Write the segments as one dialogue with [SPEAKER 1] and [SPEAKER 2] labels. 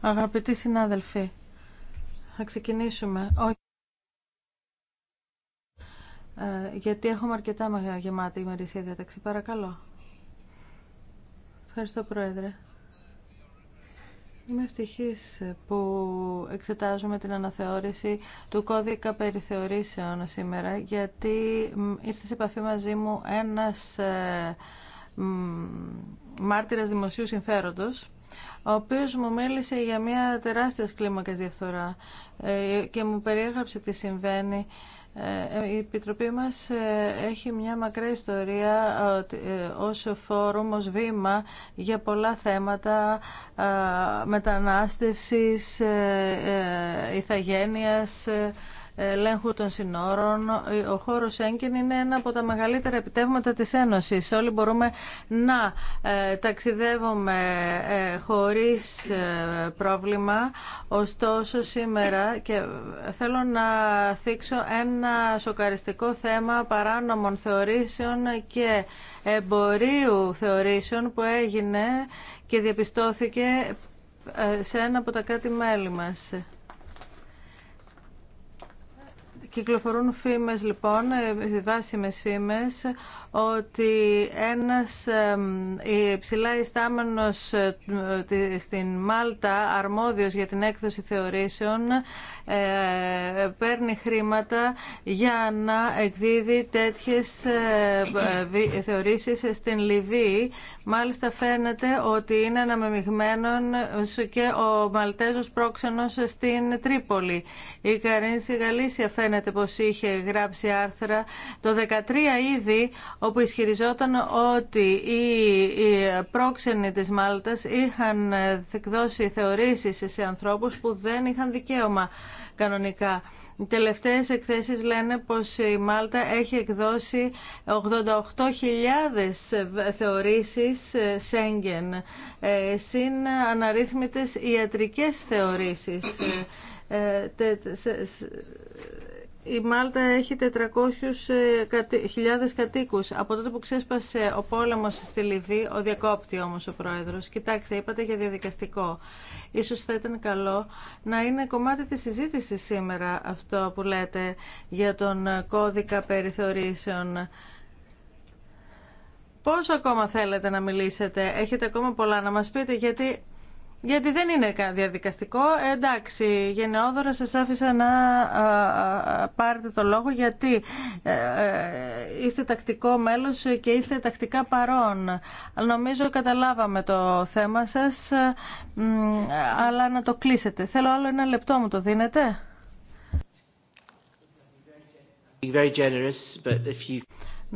[SPEAKER 1] Αγαπητοί συνάδελφοι, θα ξεκινήσουμε. Ε, γιατί έχουμε αρκετά γεμάτη ημερησία διάταξη. Παρακαλώ. Ευχαριστώ, Πρόεδρε. Είμαι ευτυχής που εξετάζουμε την αναθεώρηση του κώδικα περιθεωρήσεων σήμερα, γιατί ήρθε σε επαφή μαζί μου ένας ε, μάρτυρας δημοσίου συμφέροντος, ο οποίος μου μίλησε για μια τεράστια κλίμακα διαφθορά ε, και μου περιέγραψε τι συμβαίνει. Ε, η Επιτροπή μας ε, έχει μια μακρά ιστορία ως φόρουμ, ως βήμα για πολλά θέματα μετανάστευσης, ηθαγένειας, ελέγχου των συνόρων. Ο χώρος Σέγγεν είναι ένα από τα μεγαλύτερα επιτεύγματα της Ένωση. Όλοι μπορούμε να ε, ταξιδεύουμε ε, χωρίς ε, πρόβλημα. Ωστόσο σήμερα και θέλω να θίξω ένα σοκαριστικό θέμα παράνομων θεωρήσεων και εμπορίου θεωρήσεων που έγινε και διαπιστώθηκε σε ένα από τα κράτη-μέλη μας. Κυκλοφορούν φήμες λοιπόν, ε, βάσιμες φήμες, ότι ένας υψηλά ιστάμενος ε, στην Μάλτα, αρμόδιος για την έκδοση θεωρήσεων, ε, παίρνει χρήματα για να εκδίδει τέτοιες θεωρήσεις στην Λιβύη. Μάλιστα φαίνεται ότι είναι αναμεμειγμένον και ο Μαλτέζος πρόξενος στην Τρίπολη. Η Καρίνση Γαλήσια φαίνεται φαίνεται πως είχε γράψει άρθρα το 13 ήδη όπου ισχυριζόταν ότι οι πρόξενοι της Μάλτας είχαν εκδώσει θεωρήσεις σε ανθρώπους που δεν είχαν δικαίωμα κανονικά. Οι τελευταίες εκθέσεις λένε πως η Μάλτα έχει εκδώσει 88.000 θεωρήσεις Σέγγεν, ε, συν αναρρύθμιτες ιατρικές θεωρήσεις ε, η Μάλτα έχει 400.000 ε, κατοίκους. Από τότε που ξέσπασε ο πόλεμος στη Λιβύη, ο διακόπτη όμως ο πρόεδρος. Κοιτάξτε, είπατε για διαδικαστικό. Ίσως θα ήταν καλό να είναι κομμάτι της συζήτηση σήμερα αυτό που λέτε για τον κώδικα περιθωρήσεων. Πόσο ακόμα θέλετε να μιλήσετε, έχετε ακόμα πολλά να μας πείτε, γιατί γιατί δεν είναι διαδικαστικό. Εντάξει, γενναιόδωρα σας άφησα να πάρετε το λόγο γιατί ε, ε, είστε τακτικό μέλος και είστε τακτικά παρόν. Νομίζω καταλάβαμε το θέμα σας, αλλά να το κλείσετε. Θέλω άλλο ένα λεπτό μου το δίνετε.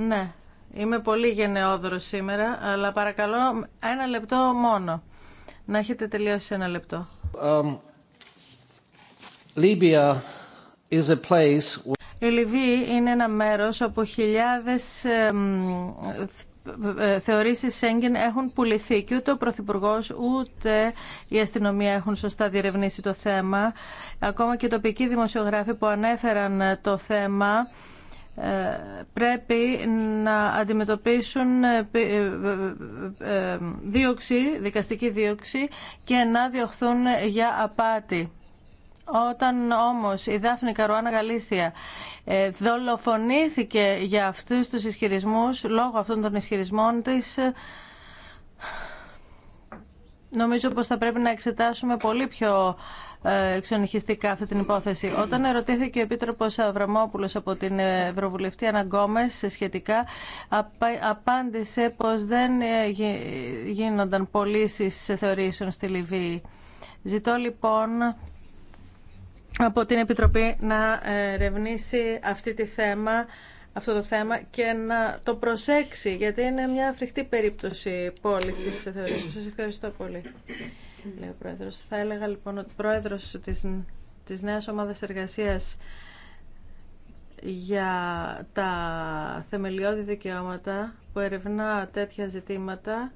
[SPEAKER 1] Ναι, είμαι πολύ γενναιόδωρος σήμερα, αλλά παρακαλώ ένα λεπτό μόνο. Να έχετε τελειώσει ένα λεπτό. Um, η Λιβύη είναι ένα μέρος όπου χιλιάδες ε, θεωρήσεις Σέγγεν έχουν πουληθεί και ούτε ο Πρωθυπουργό ούτε η αστυνομία έχουν σωστά διερευνήσει το θέμα. Ακόμα και οι τοπικοί δημοσιογράφοι που ανέφεραν το θέμα ε, πρέπει να αντιμετωπίσουν ε, ε, δίωξη, δικαστική δίωξη και να διωχθούν για απάτη. Όταν όμως η Δάφνη Καρουάνα Γαλήθια δολοφονήθηκε για αυτούς τους ισχυρισμούς, λόγω αυτών των ισχυρισμών της, νομίζω πως θα πρέπει να εξετάσουμε πολύ πιο ε, εξονυχιστικά αυτή την υπόθεση. Όταν ερωτήθηκε ο Επίτροπο Αβραμόπουλο από την Ευρωβουλευτή Αναγκόμε σχετικά, απάντησε πω δεν ε, γίνονταν πωλήσει θεωρήσεων στη Λιβύη. Ζητώ λοιπόν από την Επιτροπή να ε, ερευνήσει αυτή τη θέμα, αυτό το θέμα και να το προσέξει, γιατί είναι μια φρικτή περίπτωση πώλησης θεωρήσεων. Σας ευχαριστώ πολύ λέει Πρόεδρος. Θα έλεγα λοιπόν ότι ο Πρόεδρος της, της Νέας Ομάδας Εργασίας για τα θεμελιώδη δικαιώματα που ερευνά τέτοια ζητήματα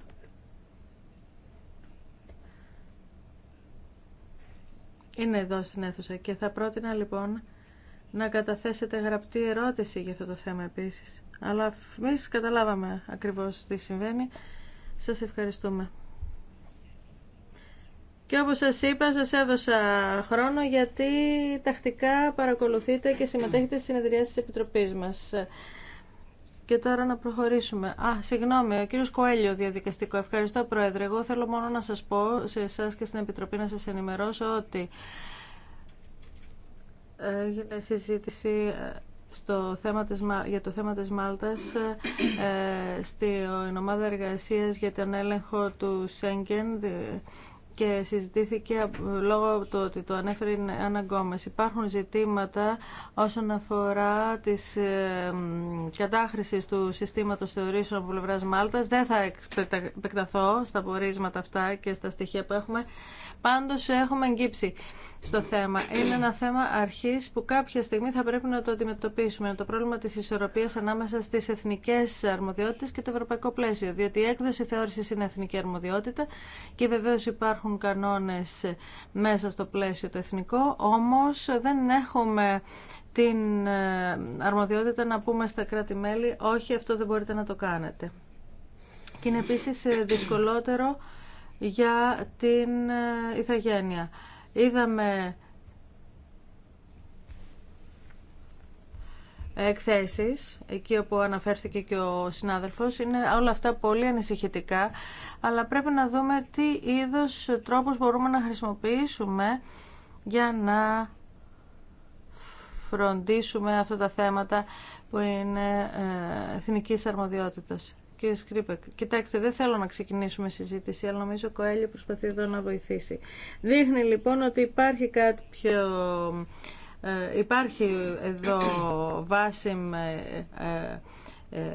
[SPEAKER 1] είναι εδώ στην αίθουσα και θα πρότεινα λοιπόν να καταθέσετε γραπτή ερώτηση για αυτό το θέμα επίσης. Αλλά εμεί καταλάβαμε ακριβώς τι συμβαίνει. Σας ευχαριστούμε. Και όπως σας είπα, σας έδωσα χρόνο γιατί τακτικά παρακολουθείτε και συμμετέχετε στις συνεδριάσεις της Επιτροπής μας. Και τώρα να προχωρήσουμε. Α, συγγνώμη, ο κύριος Κοέλιο, διαδικαστικό. Ευχαριστώ, Πρόεδρε. Εγώ θέλω μόνο να σας πω σε εσά και στην Επιτροπή να σας ενημερώσω ότι ε, έγινε συζήτηση ε, στο θέμα της, για το θέμα της Μάλτας ε, στην ομάδα εργασίας για τον έλεγχο του Σέγγεν και συζητήθηκε ε, λόγω του ότι το ανέφερε η Άννα Γκόμες. Υπάρχουν ζητήματα όσον αφορά τη ε, του συστήματος θεωρήσεων από πλευρά μάλτα. Δεν θα επεκταθώ στα πορίσματα αυτά και στα στοιχεία που έχουμε. Πάντως έχουμε εγκύψει στο θέμα. Είναι ένα θέμα αρχής που κάποια στιγμή θα πρέπει να το αντιμετωπίσουμε. Το πρόβλημα της ισορροπίας ανάμεσα στις εθνικές αρμοδιότητες και το ευρωπαϊκό πλαίσιο. Διότι η έκδοση θεώρηση είναι εθνική αρμοδιότητα και βεβαίως υπάρχουν κανόνες μέσα στο πλαίσιο το εθνικό. Όμως δεν έχουμε την ε, αρμοδιότητα να πούμε στα κράτη-μέλη όχι αυτό δεν μπορείτε να το κάνετε. Και είναι επίσης ε, δυσκολότερο για την ε, ηθαγένεια. Είδαμε εκθέσεις, εκεί όπου αναφέρθηκε και ο συνάδελφος, είναι όλα αυτά πολύ ανησυχητικά, αλλά πρέπει να δούμε τι είδος τρόπους μπορούμε να χρησιμοποιήσουμε για να φροντίσουμε αυτά τα θέματα που είναι ε, εθνικής αρμοδιότητας. Κύριε Σκρίπεκ, κοιτάξτε, δεν θέλω να ξεκινήσουμε συζήτηση, αλλά νομίζω ο Κοέλιο προσπαθεί εδώ να βοηθήσει. Δείχνει λοιπόν ότι υπάρχει κάποιο... Ε, υπάρχει εδώ βάσιμε, ε, ε, ε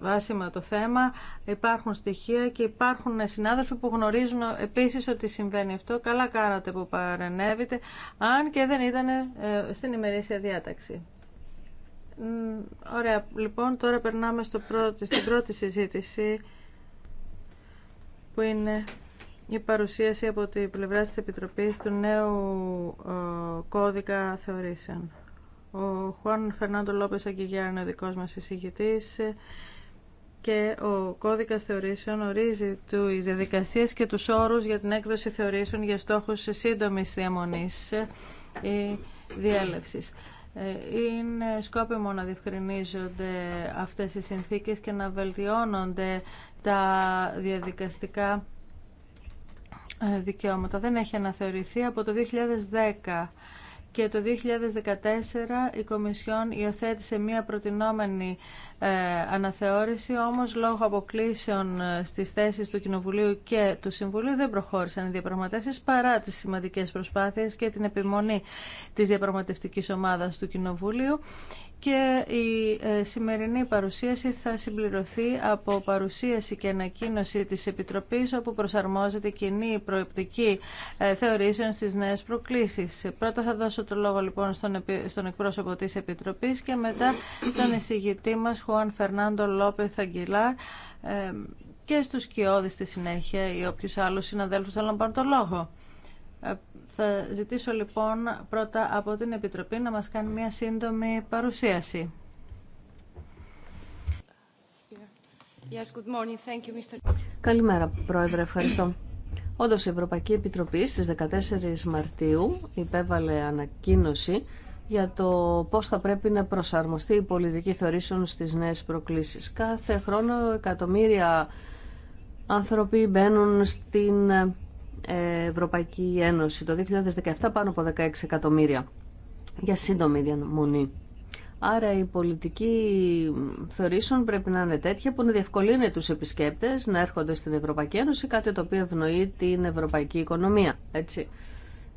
[SPEAKER 1] βάσιμα το θέμα, υπάρχουν στοιχεία και υπάρχουν συνάδελφοι που γνωρίζουν επίσης ότι συμβαίνει αυτό. Καλά κάνατε που παρενέβητε, αν και δεν ήταν ε, στην ημερήσια διάταξη. Ωραία, λοιπόν, τώρα περνάμε στο πρώτη, στην πρώτη συζήτηση που είναι η παρουσίαση από την πλευρά της Επιτροπής του νέου κώδικα θεωρήσεων. Ο Χουάν Φερνάντο Λόπες Αγγιγιάρ είναι ο δικός μας εισηγητής και ο κώδικας θεωρήσεων ορίζει τις διαδικασίες και τους όρους για την έκδοση θεωρήσεων για στόχους σύντομης διαμονής ή ε, διέλευσης. Ε, είναι σκόπιμο να διευκρινίζονται αυτές οι συνθήκες και να βελτιώνονται τα διαδικαστικά ε, δικαιώματα. Δεν έχει αναθεωρηθεί από το 2010 και το 2014 η Κομισιόν υιοθέτησε μία προτινόμενη ε, αναθεώρηση, όμως λόγω αποκλήσεων ε, στις θέσεις του Κοινοβουλίου και του Συμβουλίου δεν προχώρησαν οι διαπραγματεύσεις παρά τις σημαντικές προσπάθειες και την επιμονή της διαπραγματευτικής ομάδας του Κοινοβουλίου και η ε, σημερινή παρουσίαση θα συμπληρωθεί από παρουσίαση και ανακοίνωση της Επιτροπής όπου προσαρμόζεται κοινή προεπτική ε, θεωρήσεων στις νέες προκλήσεις. Πρώτα θα δώσω το λόγο λοιπόν στον, εκπρόσωπο της Επιτροπής και μετά στον εισηγητή μας Χουάν Φερνάντο Λόπεθ Αγγιλάρ ε, και στους κοιόδης στη συνέχεια ή όποιους άλλους συναδέλφους θέλουν να το λόγο. Θα ζητήσω λοιπόν πρώτα από την Επιτροπή να μας κάνει μια σύντομη παρουσίαση.
[SPEAKER 2] Yes, good morning. Thank you, Mr.
[SPEAKER 3] Καλημέρα, Πρόεδρε. Ευχαριστώ. Όντως, η Ευρωπαϊκή Επιτροπή στις 14 Μαρτίου υπέβαλε ανακοίνωση για το πώς θα πρέπει να προσαρμοστεί η πολιτική θεωρήσεων στις νέες προκλήσεις. Κάθε χρόνο εκατομμύρια άνθρωποι μπαίνουν στην Ευρωπαϊκή Ένωση. Το 2017 πάνω από 16 εκατομμύρια για σύντομη διαμονή. Άρα η πολιτική θεωρήσεων πρέπει να είναι τέτοια που να διευκολύνει τους επισκέπτες να έρχονται στην Ευρωπαϊκή Ένωση, κάτι το οποίο ευνοεί την ευρωπαϊκή οικονομία. Έτσι.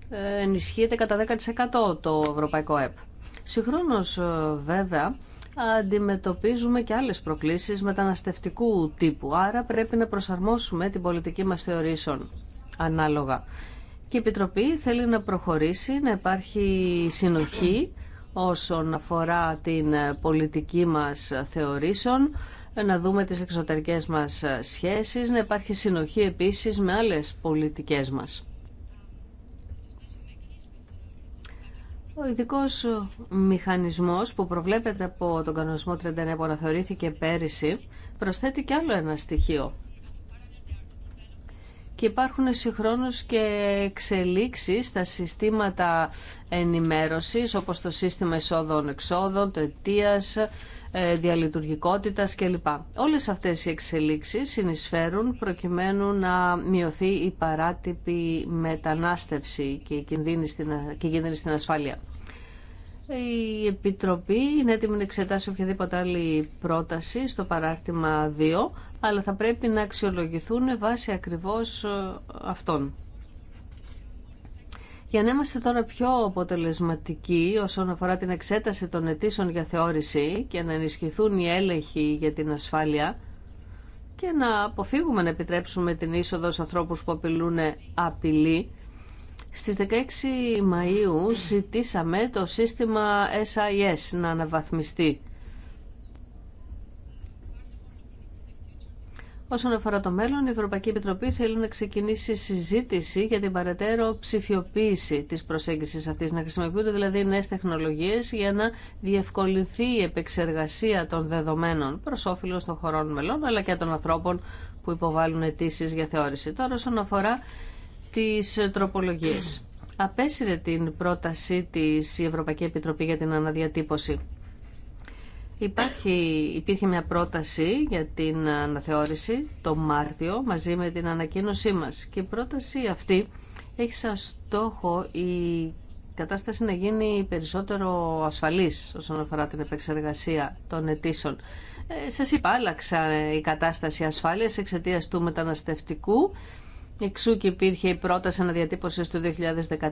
[SPEAKER 3] Ε, ενισχύεται κατά 10% το ευρωπαϊκό ΕΠ. Συγχρόνως ε, βέβαια αντιμετωπίζουμε και άλλες προκλήσεις μεταναστευτικού τύπου, άρα πρέπει να προσαρμόσουμε την πολιτική μας θεωρήσεων ανάλογα. Και η Επιτροπή θέλει να προχωρήσει, να υπάρχει συνοχή όσον αφορά την πολιτική μας θεωρήσεων, να δούμε τις εξωτερικές μας σχέσεις, να υπάρχει συνοχή επίσης με άλλες πολιτικές μας. Ο ειδικό μηχανισμός που προβλέπεται από τον κανονισμό 39 που αναθεωρήθηκε πέρυσι προσθέτει και άλλο ένα στοιχείο και υπάρχουν συγχρόνως και εξελίξεις στα συστήματα ενημέρωσης όπως το σύστημα εισόδων-εξόδων, το αιτίας, ε, διαλειτουργικότητας κλπ. Όλες αυτές οι εξελίξεις συνεισφέρουν προκειμένου να μειωθεί η παράτυπη μετανάστευση και η κινδύνη στην, και η στην ασφάλεια. Η Επιτροπή είναι έτοιμη να εξετάσει οποιαδήποτε άλλη πρόταση στο παράρτημα 2 αλλά θα πρέπει να αξιολογηθούν βάσει ακριβώς ε, αυτών. Για να είμαστε τώρα πιο αποτελεσματικοί όσον αφορά την εξέταση των αιτήσεων για θεώρηση και να ενισχυθούν οι έλεγχοι για την ασφάλεια και να αποφύγουμε να επιτρέψουμε την είσοδο σε ανθρώπους που απειλούν απειλή, στις 16 Μαΐου ζητήσαμε το σύστημα SIS να αναβαθμιστεί Όσον αφορά το μέλλον, η Ευρωπαϊκή Επιτροπή θέλει να ξεκινήσει συζήτηση για την παρατέρω ψηφιοποίηση τη προσέγγιση αυτή. Να χρησιμοποιούνται δηλαδή νέε τεχνολογίε για να διευκολυνθεί η επεξεργασία των δεδομένων προ όφελο των χωρών μελών αλλά και των ανθρώπων που υποβάλλουν αιτήσει για θεώρηση. Τώρα, όσον αφορά τι τροπολογίε. Απέσυρε την πρότασή τη η Ευρωπαϊκή Επιτροπή για την αναδιατύπωση. Υπάρχει, υπήρχε μια πρόταση για την αναθεώρηση το Μάρτιο μαζί με την ανακοίνωσή μας και η πρόταση αυτή έχει σαν στόχο η κατάσταση να γίνει περισσότερο ασφαλής όσον αφορά την επεξεργασία των αιτήσεων. Ε, σας είπα, άλλαξα η κατάσταση ασφάλειας εξαιτίας του μεταναστευτικού Εξού και υπήρχε η πρόταση αναδιατύπωση του 2014.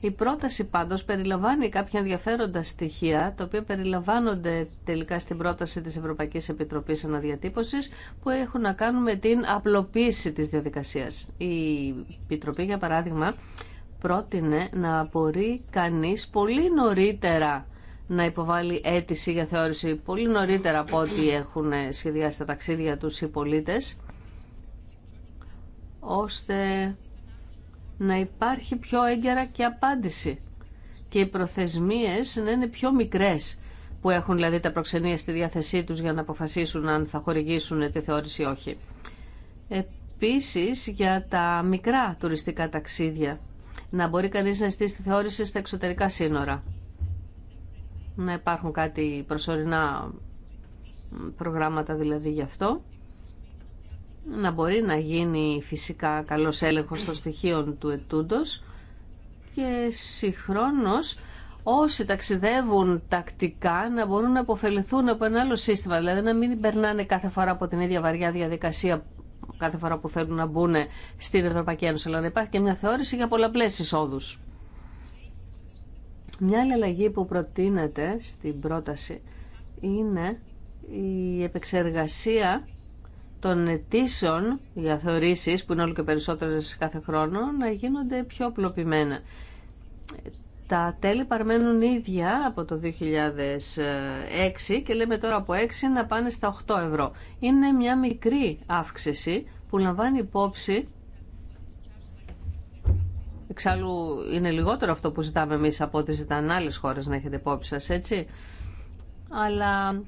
[SPEAKER 3] Η πρόταση πάντω περιλαμβάνει κάποια ενδιαφέροντα στοιχεία, τα οποία περιλαμβάνονται τελικά στην πρόταση τη Ευρωπαϊκή Επιτροπή Αναδιατύπωση, που έχουν να κάνουν με την απλοποίηση τη διαδικασία. Η Επιτροπή, για παράδειγμα, πρότεινε να μπορεί κανεί πολύ νωρίτερα να υποβάλει αίτηση για θεώρηση πολύ νωρίτερα από ό,τι έχουν σχεδιάσει τα ταξίδια τους οι πολίτες ώστε να υπάρχει πιο έγκαιρα και απάντηση και οι προθεσμίες να είναι πιο μικρές που έχουν δηλαδή τα προξενία στη διάθεσή τους για να αποφασίσουν αν θα χορηγήσουν τη θεώρηση ή όχι. Επίσης για τα μικρά τουριστικά ταξίδια να μπορεί κανείς να εστίσει στη θεώρηση στα εξωτερικά σύνορα. Να υπάρχουν κάτι προσωρινά προγράμματα δηλαδή γι' αυτό να μπορεί να γίνει φυσικά καλός έλεγχος των στοιχείων του ετούντος και συγχρόνως όσοι ταξιδεύουν τακτικά να μπορούν να αποφεληθούν από ένα άλλο σύστημα, δηλαδή να μην περνάνε κάθε φορά από την ίδια βαριά διαδικασία κάθε φορά που θέλουν να μπουν στην Ευρωπαϊκή Ένωση, αλλά να υπάρχει και μια θεώρηση για πολλαπλές εισόδους. Μια άλλη αλλαγή που προτείνεται στην πρόταση είναι η επεξεργασία των αιτήσεων για θεωρήσει που είναι όλο και περισσότερες κάθε χρόνο να γίνονται πιο απλοποιημένα. Τα τέλη παραμένουν ίδια από το 2006 και λέμε τώρα από 6 να πάνε στα 8 ευρώ. Είναι μια μικρή αύξηση που λαμβάνει υπόψη Εξάλλου είναι λιγότερο αυτό που ζητάμε εμείς από ό,τι ζητάνε άλλες χώρες να έχετε υπόψη σας, έτσι. Αλλά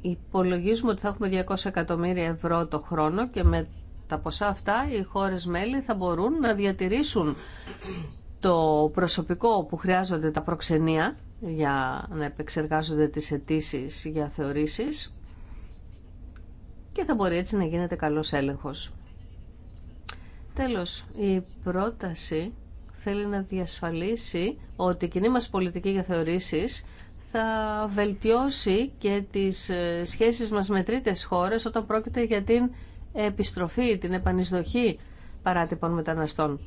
[SPEAKER 3] Υπολογίζουμε ότι θα έχουμε 200 εκατομμύρια ευρώ το χρόνο και με τα ποσά αυτά οι χώρες μέλη θα μπορούν να διατηρήσουν το προσωπικό που χρειάζονται τα προξενία για να επεξεργάζονται τις αιτήσει για θεωρήσεις και θα μπορεί έτσι να γίνεται καλός έλεγχος. Τέλος, η πρόταση θέλει να διασφαλίσει ότι η κοινή μας πολιτική για θεωρήσεις θα βελτιώσει και τις ε, σχέσεις μας με τρίτες χώρες όταν πρόκειται για την επιστροφή, την επανεισδοχή παράτυπων μεταναστών.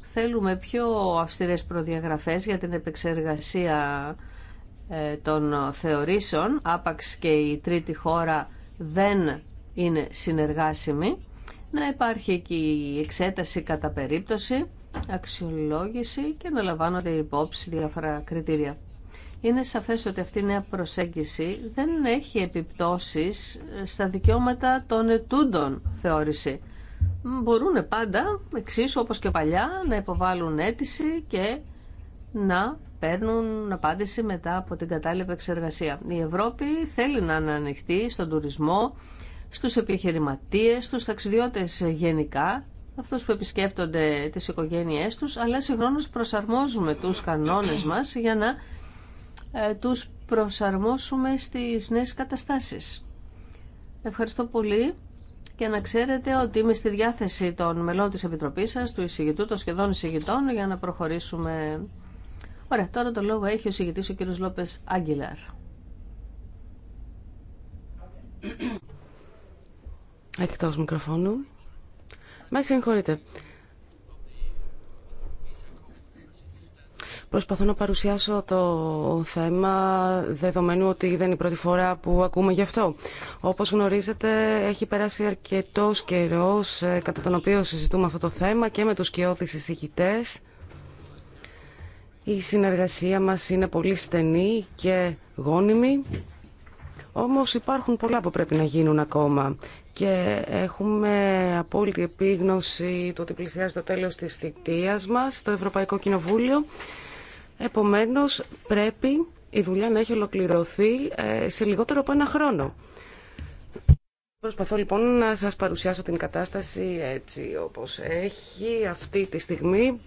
[SPEAKER 3] Θέλουμε πιο αυστηρές προδιαγραφές για την επεξεργασία ε, των θεωρήσεων, άπαξ και η τρίτη χώρα δεν είναι συνεργάσιμη, να υπάρχει και η εξέταση κατά περίπτωση, αξιολόγηση και να λαμβάνονται υπόψη διάφορα κριτήρια. Είναι σαφές ότι αυτή η νέα προσέγγιση δεν έχει επιπτώσεις στα δικαιώματα των ετούντων θεώρηση. Μπορούν πάντα, εξίσου όπως και παλιά, να υποβάλουν αίτηση και να παίρνουν απάντηση μετά από την κατάλληλη επεξεργασία. Η Ευρώπη θέλει να είναι στον τουρισμό, στους επιχειρηματίες, στους ταξιδιώτες γενικά, αυτούς που επισκέπτονται τις οικογένειές τους, αλλά συγχρόνως προσαρμόζουμε τους κανόνες μας για να ε, τους προσαρμόσουμε στις νέες καταστάσεις. Ευχαριστώ πολύ και να ξέρετε ότι είμαι στη διάθεση των μελών της Επιτροπής σας, του εισηγητού, των σχεδόν εισηγητών, για να προχωρήσουμε. Ωραία, τώρα το λόγο έχει ο εισηγητής ο κύριος Λόπες Άγγιλαρ.
[SPEAKER 2] Εκτός μικροφώνου. Με συγχωρείτε. Προσπαθώ να παρουσιάσω το θέμα δεδομένου ότι δεν είναι η πρώτη φορά που ακούμε γι' αυτό. Όπως γνωρίζετε έχει περάσει αρκετός καιρός ε, κατά τον οποίο συζητούμε αυτό το θέμα και με τους κοιώδεις εισηγητές. Η συνεργασία μας είναι πολύ στενή και γόνιμη. Όμως υπάρχουν πολλά που πρέπει να γίνουν ακόμα και έχουμε απόλυτη επίγνωση του ότι πλησιάζει το τέλος της θητείας μας στο Ευρωπαϊκό Κοινοβούλιο Επομένως πρέπει η δουλειά να έχει ολοκληρωθεί ε, σε λιγότερο από ένα χρόνο. Προσπαθώ λοιπόν να σας παρουσιάσω την κατάσταση έτσι όπως έχει αυτή τη στιγμή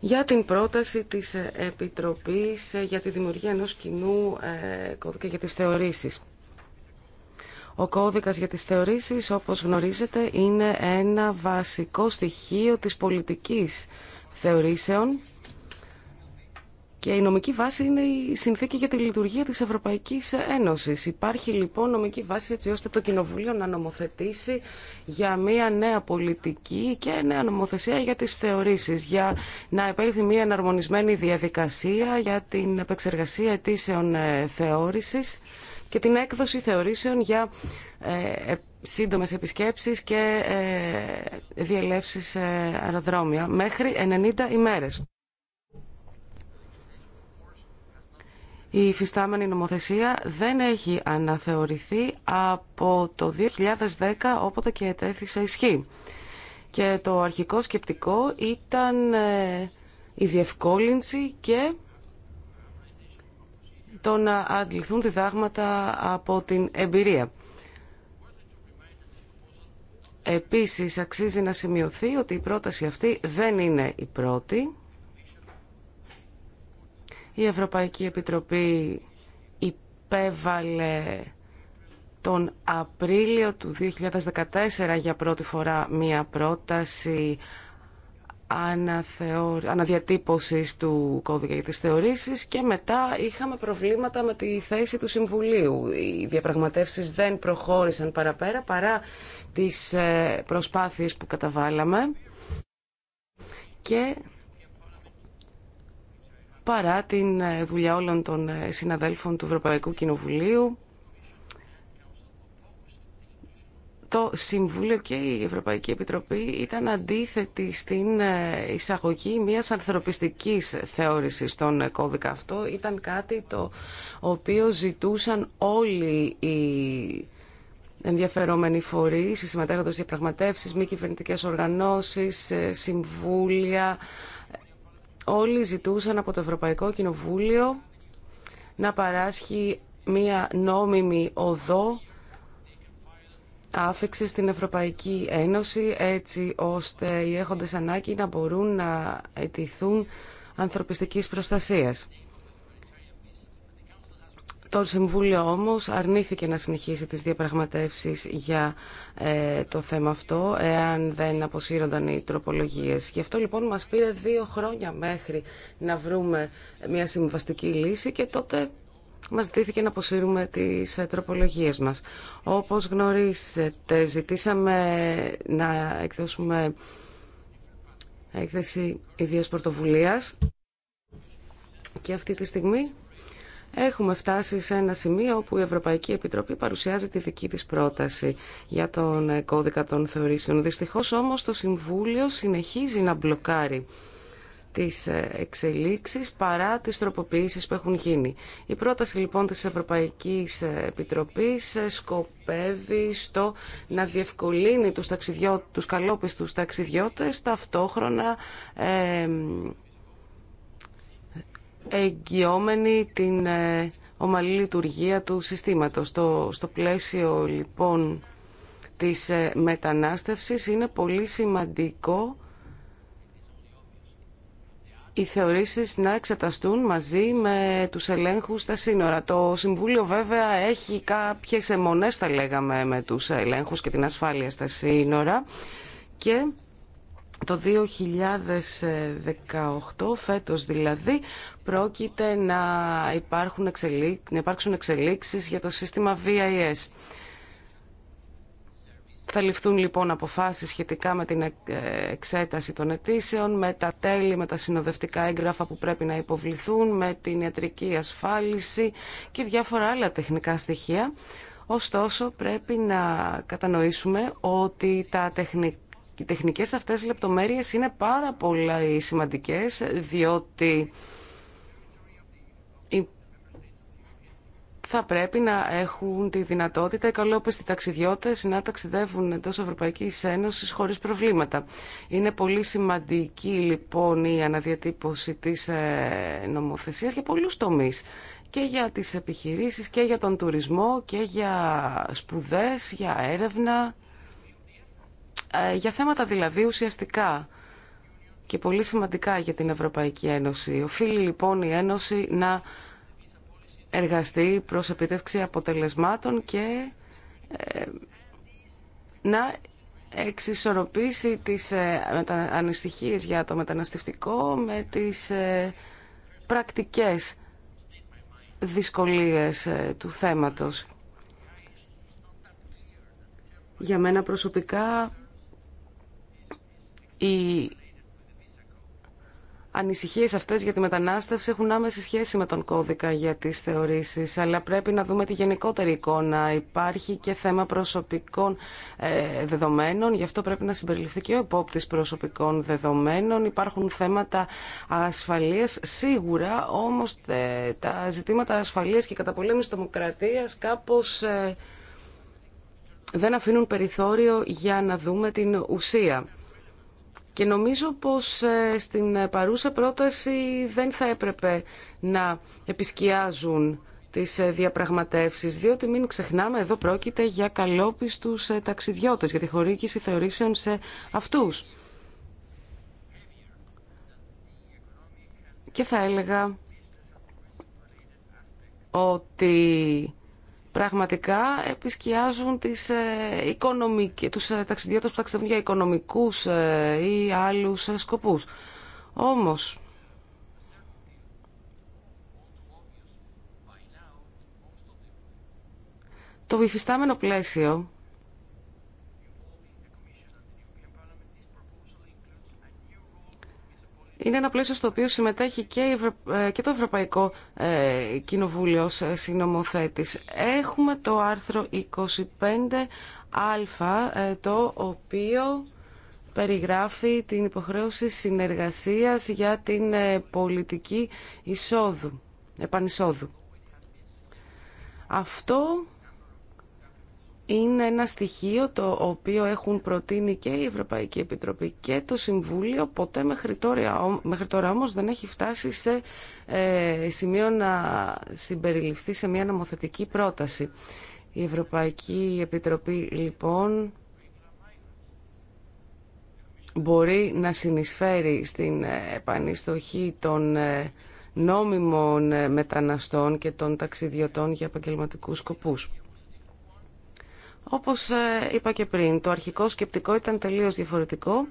[SPEAKER 2] για την πρόταση της Επιτροπής για τη δημιουργία ενός κοινού ε, κώδικα για τις θεωρήσεις. Ο κώδικας για τις θεωρήσεις, όπως γνωρίζετε, είναι ένα βασικό στοιχείο της πολιτικής θεωρήσεων και η νομική βάση είναι η συνθήκη για τη λειτουργία της Ευρωπαϊκής Ένωσης. Υπάρχει λοιπόν νομική βάση έτσι ώστε το Κοινοβουλίο να νομοθετήσει για μια νέα πολιτική και νέα νομοθεσία για τις θεωρήσεις, για να επέλθει μια εναρμονισμένη διαδικασία για την επεξεργασία αιτήσεων ε, θεώρησης και την έκδοση θεωρήσεων για ε, ε σύντομες και ε, διελεύσεις ε, αεροδρόμια μέχρι 90 ημέρες. Η υφιστάμενη νομοθεσία δεν έχει αναθεωρηθεί από το 2010 όποτε και σε ισχύ. Και το αρχικό σκεπτικό ήταν ε, η διευκόλυνση και το να αντληθούν διδάγματα από την εμπειρία. Επίσης, αξίζει να σημειωθεί ότι η πρόταση αυτή δεν είναι η πρώτη η Ευρωπαϊκή Επιτροπή υπέβαλε τον Απρίλιο του 2014 για πρώτη φορά μία πρόταση αναθεωρ... αναδιατύπωσης του κώδικα για τις θεωρήσεις και μετά είχαμε προβλήματα με τη θέση του Συμβουλίου. Οι διαπραγματεύσεις δεν προχώρησαν παραπέρα παρά τις ε, προσπάθειες που καταβάλαμε και παρά την ε, δουλειά όλων των ε, συναδέλφων του Ευρωπαϊκού Κοινοβουλίου, το Συμβούλιο και η Ευρωπαϊκή Επιτροπή ήταν αντίθετη στην ε, εισαγωγή μιας ανθρωπιστικής θεώρησης στον κώδικα αυτό. Ήταν κάτι το οποίο ζητούσαν όλοι οι ενδιαφερόμενοι φορείς, οι συμμετέχοντες διαπραγματεύσεις, μη κυβερνητικέ οργανώσεις, συμβούλια, όλοι ζητούσαν από το Ευρωπαϊκό Κοινοβούλιο να παράσχει μία νόμιμη οδό άφηξη στην Ευρωπαϊκή Ένωση έτσι ώστε οι έχοντες ανάγκη να μπορούν να αιτηθούν ανθρωπιστικής προστασίας. Το Συμβούλιο όμως αρνήθηκε να συνεχίσει τις διαπραγματεύσεις για ε, το θέμα αυτό εάν δεν αποσύρονταν οι τροπολογίες. Γι' αυτό λοιπόν μας πήρε δύο χρόνια μέχρι να βρούμε μια συμβαστική λύση και τότε μας ζητήθηκε να αποσύρουμε τις ε, τροπολογίες μας. Όπως γνωρίζετε ζητήσαμε να εκδώσουμε έκθεση ιδίας πρωτοβουλίας και αυτή τη στιγμή έχουμε φτάσει σε ένα σημείο όπου η Ευρωπαϊκή Επιτροπή παρουσιάζει τη δική της πρόταση για τον ε, κώδικα των θεωρήσεων. Δυστυχώς όμως το Συμβούλιο συνεχίζει να μπλοκάρει τις ε, εξελίξεις παρά τις τροποποιήσεις που έχουν γίνει. Η πρόταση λοιπόν της Ευρωπαϊκής ε, Επιτροπής σκοπεύει στο να διευκολύνει τους, τους καλόπιστους ταξιδιώτες ταυτόχρονα εγγυόμενη την ε, ομαλή λειτουργία του συστήματος. Στο, στο πλαίσιο λοιπόν της ε, μετανάστευσης είναι πολύ σημαντικό οι θεωρήσεις να εξεταστούν μαζί με τους ελέγχους στα σύνορα. Το Συμβούλιο βέβαια έχει κάποιες αιμονές θα λέγαμε με τους ελέγχους και την ασφάλεια στα σύνορα και το 2018, φέτος δηλαδή, πρόκειται να, υπάρχουν εξελίξ, να υπάρξουν εξελίξεις για το σύστημα VIS. Θα ληφθούν λοιπόν αποφάσεις σχετικά με την εξέταση των αιτήσεων, με τα τέλη, με τα συνοδευτικά έγγραφα που πρέπει να υποβληθούν, με την ιατρική ασφάλιση και διάφορα άλλα τεχνικά στοιχεία. Ωστόσο, πρέπει να κατανοήσουμε ότι τα τεχνικά οι τεχνικές αυτές λεπτομέρειες είναι πάρα πολύ σημαντικές, διότι θα πρέπει να έχουν τη δυνατότητα οι καλόπιστοι ταξιδιώτες να ταξιδεύουν εντό Ευρωπαϊκή Ένωση χωρίς προβλήματα. Είναι πολύ σημαντική λοιπόν η αναδιατύπωση της ε, νομοθεσίας για πολλού τομεί και για τις επιχειρήσεις και για τον τουρισμό και για σπουδές, για έρευνα. Ε, για θέματα δηλαδή ουσιαστικά και πολύ σημαντικά για την Ευρωπαϊκή Ένωση. Οφείλει λοιπόν η Ένωση να εργαστεί προς επιτεύξη αποτελεσμάτων και ε, να εξισορροπήσει τις ε, ανησυχίες για το μεταναστευτικό με τις πρακτικές δυσκολίες του θέματος. Για μένα προσωπικά οι ανησυχίες αυτές για τη μετανάστευση έχουν άμεση σχέση με τον κώδικα για τις θεωρήσεις, αλλά πρέπει να δούμε τη γενικότερη εικόνα. Υπάρχει και θέμα προσωπικών ε, δεδομένων, γι' αυτό πρέπει να συμπεριληφθεί και ο επόπτης προσωπικών δεδομένων. Υπάρχουν θέματα ασφαλείας, σίγουρα, όμως ε, τα ζητήματα ασφαλείας και καταπολέμηση δημοκρατίας κάπως... Ε, δεν αφήνουν περιθώριο για να δούμε την ουσία και νομίζω πως ε, στην παρούσα πρόταση δεν θα έπρεπε να επισκιάζουν τις ε, διαπραγματεύσεις, διότι μην ξεχνάμε εδώ πρόκειται για καλόπιστους ε, ταξιδιώτες, για τη χορήγηση θεωρήσεων σε αυτούς. Και θα έλεγα ότι πραγματικά επισκιάζουν τις, ε, οικονομικές, τους ε, ταξιδιώτες που ταξιδεύουν για οικονομικούς ε, ή άλλους σκοπούς. Όμως, το βυφιστάμενο πλαίσιο είναι ένα πλαίσιο στο οποίο συμμετέχει και, ε, το Ευρωπαϊκό ε, Κοινοβούλιο συνομοθέτης. Έχουμε το άρθρο 25α, ε, το οποίο περιγράφει την υποχρέωση συνεργασίας για την πολιτική εισόδου, επανεισόδου. Αυτό είναι ένα στοιχείο το οποίο έχουν προτείνει και η Ευρωπαϊκή Επιτροπή και το Συμβούλιο. Ποτέ μέχρι τώρα, μέχρι τώρα όμως δεν έχει φτάσει σε ε, σημείο να συμπεριληφθεί σε μια νομοθετική πρόταση. Η Ευρωπαϊκή Επιτροπή λοιπόν μπορεί να συνεισφέρει στην επανιστοχή των ε, νόμιμων ε, μεταναστών και των ταξιδιωτών για επαγγελματικούς σκοπούς. Όπως ε, είπα και πριν, το αρχικό σκεπτικό ήταν τελείως διαφορετικό.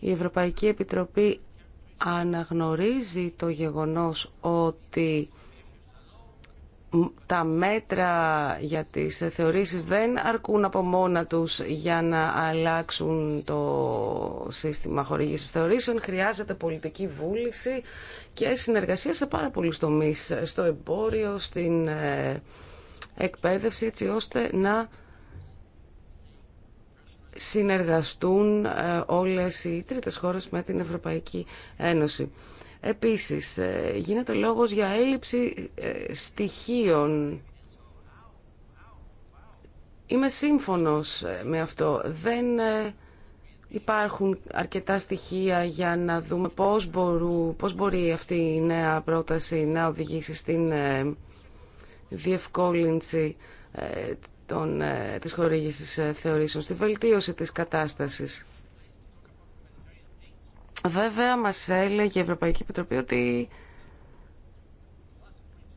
[SPEAKER 2] Η Ευρωπαϊκή Επιτροπή αναγνωρίζει το γεγονός ότι τα μέτρα για τις θεωρήσεις δεν αρκούν από μόνα τους για να αλλάξουν το σύστημα χορηγήσης θεωρήσεων. Χρειάζεται πολιτική βούληση και συνεργασία σε πάρα πολλούς τομείς, στο εμπόριο, στην ε, εκπαίδευση έτσι ώστε να συνεργαστούν ε, όλες οι τρίτες χώρες με την Ευρωπαϊκή Ένωση. Επίσης, ε, γίνεται λόγος για έλλειψη ε, στοιχείων. Είμαι σύμφωνος με αυτό. Δεν υπάρχουν αρκετά στοιχεία για να δούμε πώς, μπορού, πώς μπορεί αυτή η νέα πρόταση να οδηγήσει στην διευκόλυνση ε, των, ε, της χορήγησης ε, θεωρήσεων, στη βελτίωση της κατάστασης. Βέβαια, μας έλεγε η Ευρωπαϊκή Επιτροπή ότι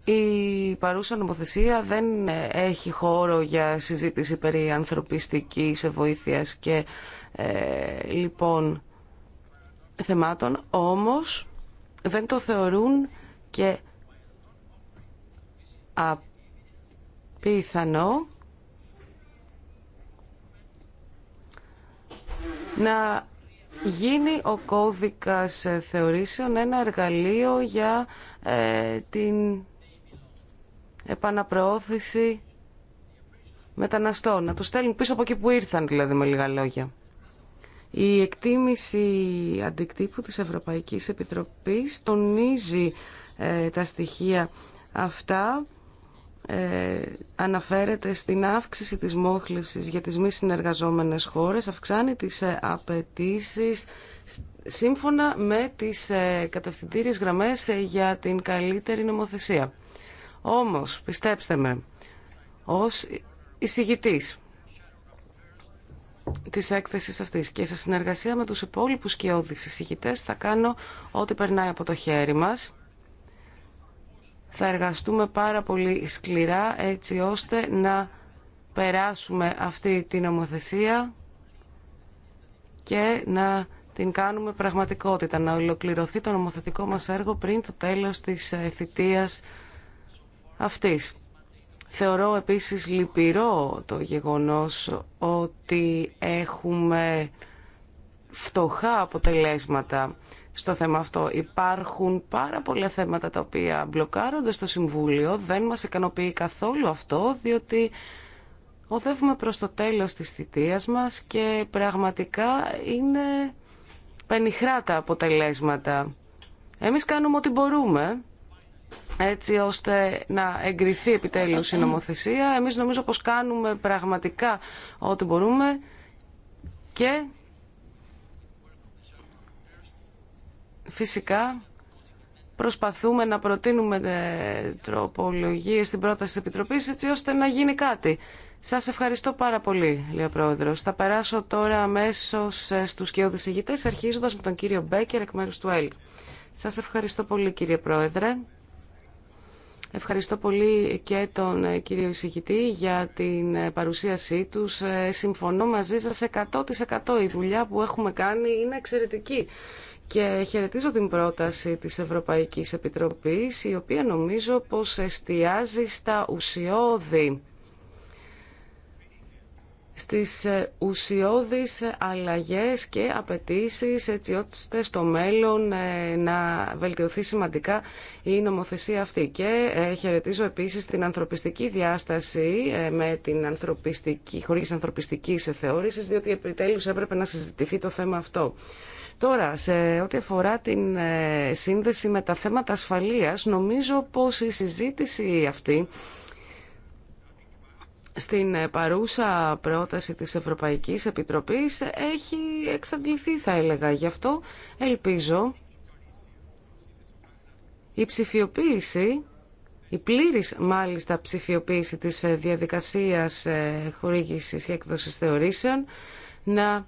[SPEAKER 2] η παρούσα νομοθεσία δεν έχει χώρο για συζήτηση περί ανθρωπιστικής βοήθειας και λοιπόν θεμάτων, όμως δεν το θεωρούν και απίθανο να γίνει ο κώδικας θεωρήσεων ένα εργαλείο για ε, την επαναπροώθηση μεταναστών. Να του στέλνουν πίσω από εκεί που ήρθαν δηλαδή με λίγα λόγια. Η εκτίμηση αντικτύπου της Ευρωπαϊκής Επιτροπής τονίζει ε, τα στοιχεία αυτά ε, αναφέρεται στην αύξηση της μόχλευσης για τις μη συνεργαζόμενες χώρες, αυξάνει τις ε, απαιτήσει σύμφωνα με τις ε, κατευθυντήριες γραμμές για την καλύτερη νομοθεσία. Όμως, πιστέψτε με, ως εισηγητής της έκθεσης αυτής και σε συνεργασία με τους υπόλοιπους και εισηγητές θα κάνω ό,τι περνάει από το χέρι μας θα εργαστούμε πάρα πολύ σκληρά έτσι ώστε να περάσουμε αυτή την νομοθεσία και να την κάνουμε πραγματικότητα, να ολοκληρωθεί το νομοθετικό μας έργο πριν το τέλος της ε, θητείας αυτής. Θεωρώ επίσης λυπηρό το γεγονός ότι έχουμε φτωχά αποτελέσματα στο θέμα αυτό. Υπάρχουν πάρα πολλά θέματα τα οποία μπλοκάρονται στο Συμβούλιο. Δεν μας ικανοποιεί καθόλου αυτό, διότι οδεύουμε προς το τέλος της θητείας μας και πραγματικά είναι πενιχρά τα αποτελέσματα. Εμείς κάνουμε ό,τι μπορούμε έτσι ώστε να εγκριθεί επιτέλους η νομοθεσία. Εμείς νομίζω πως κάνουμε πραγματικά ό,τι μπορούμε και Φυσικά προσπαθούμε να προτείνουμε ε, τροπολογίες στην πρόταση της Επιτροπής έτσι ώστε να γίνει κάτι. Σας ευχαριστώ πάρα πολύ, λέει ο Πρόεδρος. Θα περάσω τώρα αμέσω ε, στους κοιόδες ηγητές, αρχίζοντας με τον κύριο Μπέκερ εκ μέρους του ΕΛΚ. Σας ευχαριστώ πολύ κύριε Πρόεδρε. Ευχαριστώ πολύ και τον ε, κύριο εισηγητή για την παρουσίασή τους. Συμφωνώ μαζί σας 100% η δουλειά που έχουμε κάνει είναι εξαιρετική και χαιρετίζω την πρόταση της Ευρωπαϊκής Επιτροπής, η οποία νομίζω πως εστιάζει στα ουσιώδη, στις ε, ουσιώδεις αλλαγές και απαιτήσει έτσι ώστε στο μέλλον ε, να βελτιωθεί σημαντικά η νομοθεσία αυτή. Και ε, χαιρετίζω επίσης την ανθρωπιστική διάσταση με την ανθρωπιστική, χωρίς ανθρωπιστικής θεώρησης, διότι επιτέλους έπρεπε να συζητηθεί το θέμα αυτό. Τώρα, σε ό,τι αφορά την ε, σύνδεση με τα θέματα ασφαλείας, νομίζω πως η συζήτηση αυτή στην ε, παρούσα πρόταση της Ευρωπαϊκής Επιτροπής έχει εξαντληθεί θα έλεγα. Γι' αυτό ελπίζω η ψηφιοποίηση, η πλήρης μάλιστα ψηφιοποίηση της ε, διαδικασίας χορήγησης και έκδοσης θεωρήσεων να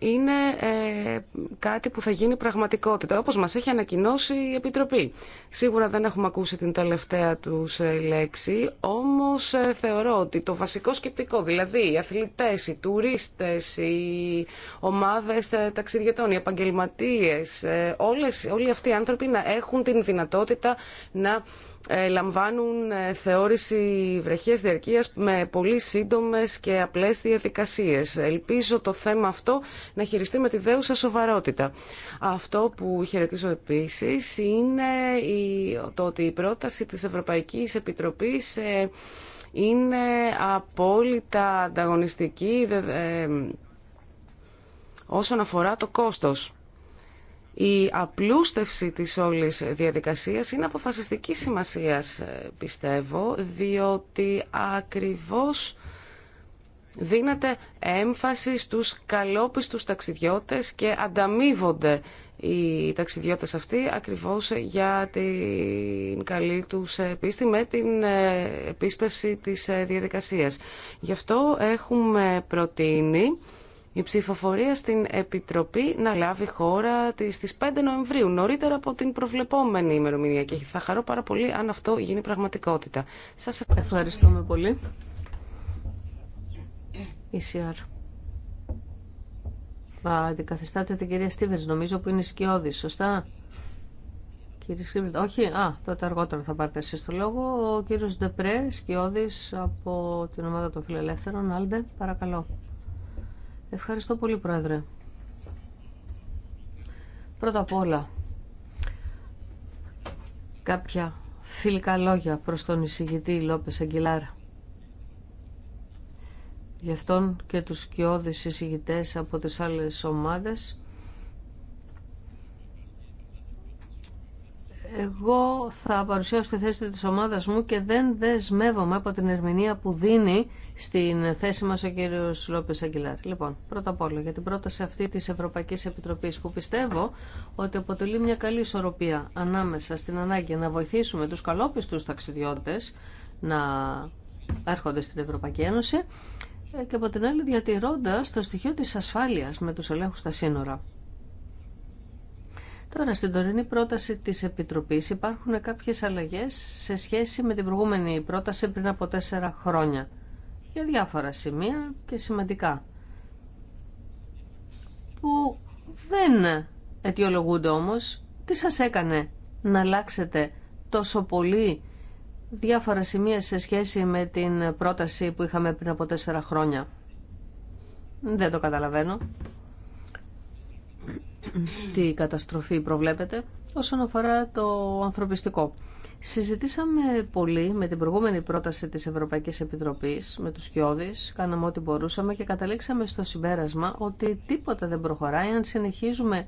[SPEAKER 2] είναι ε, κάτι που θα γίνει πραγματικότητα, όπως μας έχει ανακοινώσει η Επιτροπή. Σίγουρα δεν έχουμε ακούσει την τελευταία τους ε, λέξη, όμως ε, θεωρώ ότι το βασικό σκεπτικό, δηλαδή οι αθλητές, οι τουρίστες, οι ομάδες ε, ταξιδιωτών, οι επαγγελματίες, όλες, όλοι αυτοί οι άνθρωποι να έχουν την δυνατότητα να ε, λαμβάνουν ε, θεώρηση βρεχίας διαρκείας με πολύ σύντομες και απλές διαδικασίες. Ελπίζω το θέμα αυτό να χειριστεί με τη δέουσα σοβαρότητα. Αυτό που χαιρετίζω επίσης είναι το ότι η πρόταση της Ευρωπαϊκής Επιτροπής ε, είναι απόλυτα ανταγωνιστική όσον αφορά το κόστος. Η απλούστευση της όλης διαδικασίας είναι αποφασιστική σημασίας, ε, πιστεύω, διότι ακριβώς δίνεται έμφαση στους καλόπιστους ταξιδιώτες και ανταμείβονται οι ταξιδιώτες αυτοί ακριβώς για την καλή τους πίστη με την ε, επίσπευση της ε, διαδικασίας. Γι' αυτό έχουμε προτείνει η ψηφοφορία στην Επιτροπή να λάβει χώρα στις 5 Νοεμβρίου, νωρίτερα από την προβλεπόμενη ημερομηνία και θα χαρώ πάρα πολύ αν αυτό γίνει πραγματικότητα. Σας
[SPEAKER 3] ευχαριστώ. ευχαριστούμε πολύ. ECR. αντικαθιστάτε την κυρία Στίβενς, νομίζω που είναι σκιώδη, σωστά. Κύριε όχι, α, τότε αργότερα θα πάρετε εσείς το λόγο. Ο κύριος Ντεπρέ, σκιώδης από την ομάδα των φιλελεύθερων. Άλντε, παρακαλώ. Ευχαριστώ πολύ, Πρόεδρε. Πρώτα απ' όλα, κάποια φιλικά λόγια προς τον εισηγητή Λόπες Αγγιλάρα. Γι' αυτόν και τους σκιώδεις εισηγητές από τις άλλες ομάδες Εγώ θα παρουσιάσω τη θέση της ομάδας μου και δεν δεσμεύομαι από την ερμηνεία που δίνει στην θέση μας ο κύριος Λόπες Αγγιλάρη. Λοιπόν, πρώτα απ' όλα για την πρόταση αυτή της Ευρωπαϊκής Επιτροπής που πιστεύω ότι αποτελεί μια καλή ισορροπία ανάμεσα στην ανάγκη να βοηθήσουμε τους καλόπιστους ταξιδιώτες να έρχονται στην Ευρωπαϊκή Ένωση ε, και από την άλλη διατηρώντας το στοιχείο της ασφάλειας με τους ελέγχους στα σύνορα. Τώρα, στην τωρινή πρόταση τη επιτροπή υπάρχουν κάποιες αλλαγέ σε σχέση με την προηγούμενη πρόταση πριν από τέσσερα χρόνια. Για διάφορα σημεία και σημαντικά. Που δεν αιτιολογούνται όμως. Τι σας έκανε να αλλάξετε τόσο πολύ διάφορα σημεία σε σχέση με την πρόταση που είχαμε πριν από τέσσερα χρόνια. Δεν το καταλαβαίνω τι καταστροφή προβλέπετε όσον αφορά το ανθρωπιστικό. Συζητήσαμε πολύ με την προηγούμενη πρόταση της Ευρωπαϊκής Επιτροπής, με τους Κιώδης, κάναμε ό,τι μπορούσαμε και καταλήξαμε στο συμπέρασμα ότι τίποτα δεν προχωράει αν συνεχίζουμε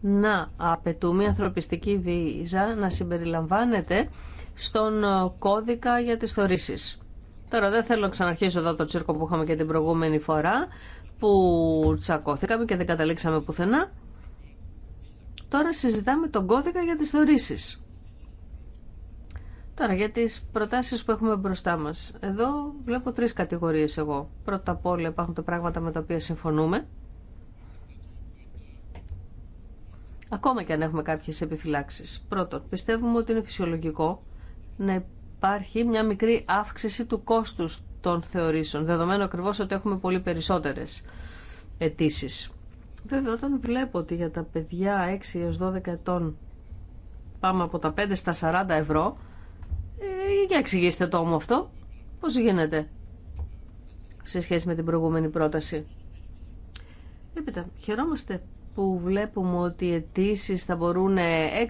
[SPEAKER 3] να απαιτούμε η ανθρωπιστική βίζα να συμπεριλαμβάνεται στον κώδικα για τις θωρήσεις. Τώρα δεν θέλω να ξαναρχίσω εδώ το τσίρκο που είχαμε και την προηγούμενη φορά που τσακώθηκαμε και δεν καταλήξαμε πουθενά. Τώρα συζητάμε τον κώδικα για τις θεωρήσεις. Τώρα για τις προτάσεις που έχουμε μπροστά μας. Εδώ βλέπω τρεις κατηγορίες εγώ. Πρώτα απ' όλα υπάρχουν τα πράγματα με τα οποία συμφωνούμε. Ακόμα και αν έχουμε κάποιες επιφυλάξεις. Πρώτον, πιστεύουμε ότι είναι φυσιολογικό να υπάρχει μια μικρή αύξηση του κόστους των θεωρήσεων, δεδομένου ακριβώς ότι έχουμε πολύ περισσότερες αιτήσει. Βέβαια όταν βλέπω ότι για τα παιδιά 6 έως 12 ετών πάμε από τα 5 στα 40 ευρώ, ε, για εξηγήστε το μου αυτό, πώς γίνεται σε σχέση με την προηγούμενη πρόταση. Έπειτα, χαιρόμαστε που βλέπουμε ότι οι αιτήσει θα μπορούν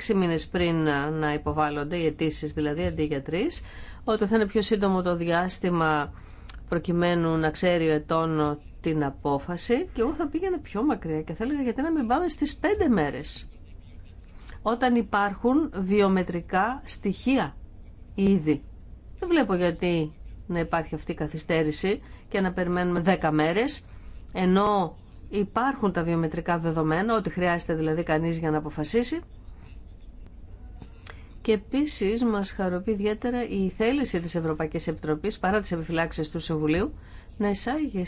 [SPEAKER 3] 6 μήνες πριν να υποβάλλονται, οι αιτήσει δηλαδή αντί για 3, ότι θα είναι πιο σύντομο το διάστημα προκειμένου να ξέρει ο ετών την απόφαση και εγώ θα πήγαινα πιο μακριά και θα έλεγα γιατί να μην πάμε στις πέντε μέρες όταν υπάρχουν βιομετρικά στοιχεία ήδη. Δεν βλέπω γιατί να υπάρχει αυτή η καθυστέρηση και να περιμένουμε δέκα μέρες ενώ υπάρχουν τα βιομετρικά δεδομένα, ό,τι χρειάζεται δηλαδή κανείς για να αποφασίσει. Και επίση μα χαροποιεί ιδιαίτερα η θέληση τη Ευρωπαϊκή Επιτροπής, παρά τι επιφυλάξει του Συμβουλίου, να εισάγει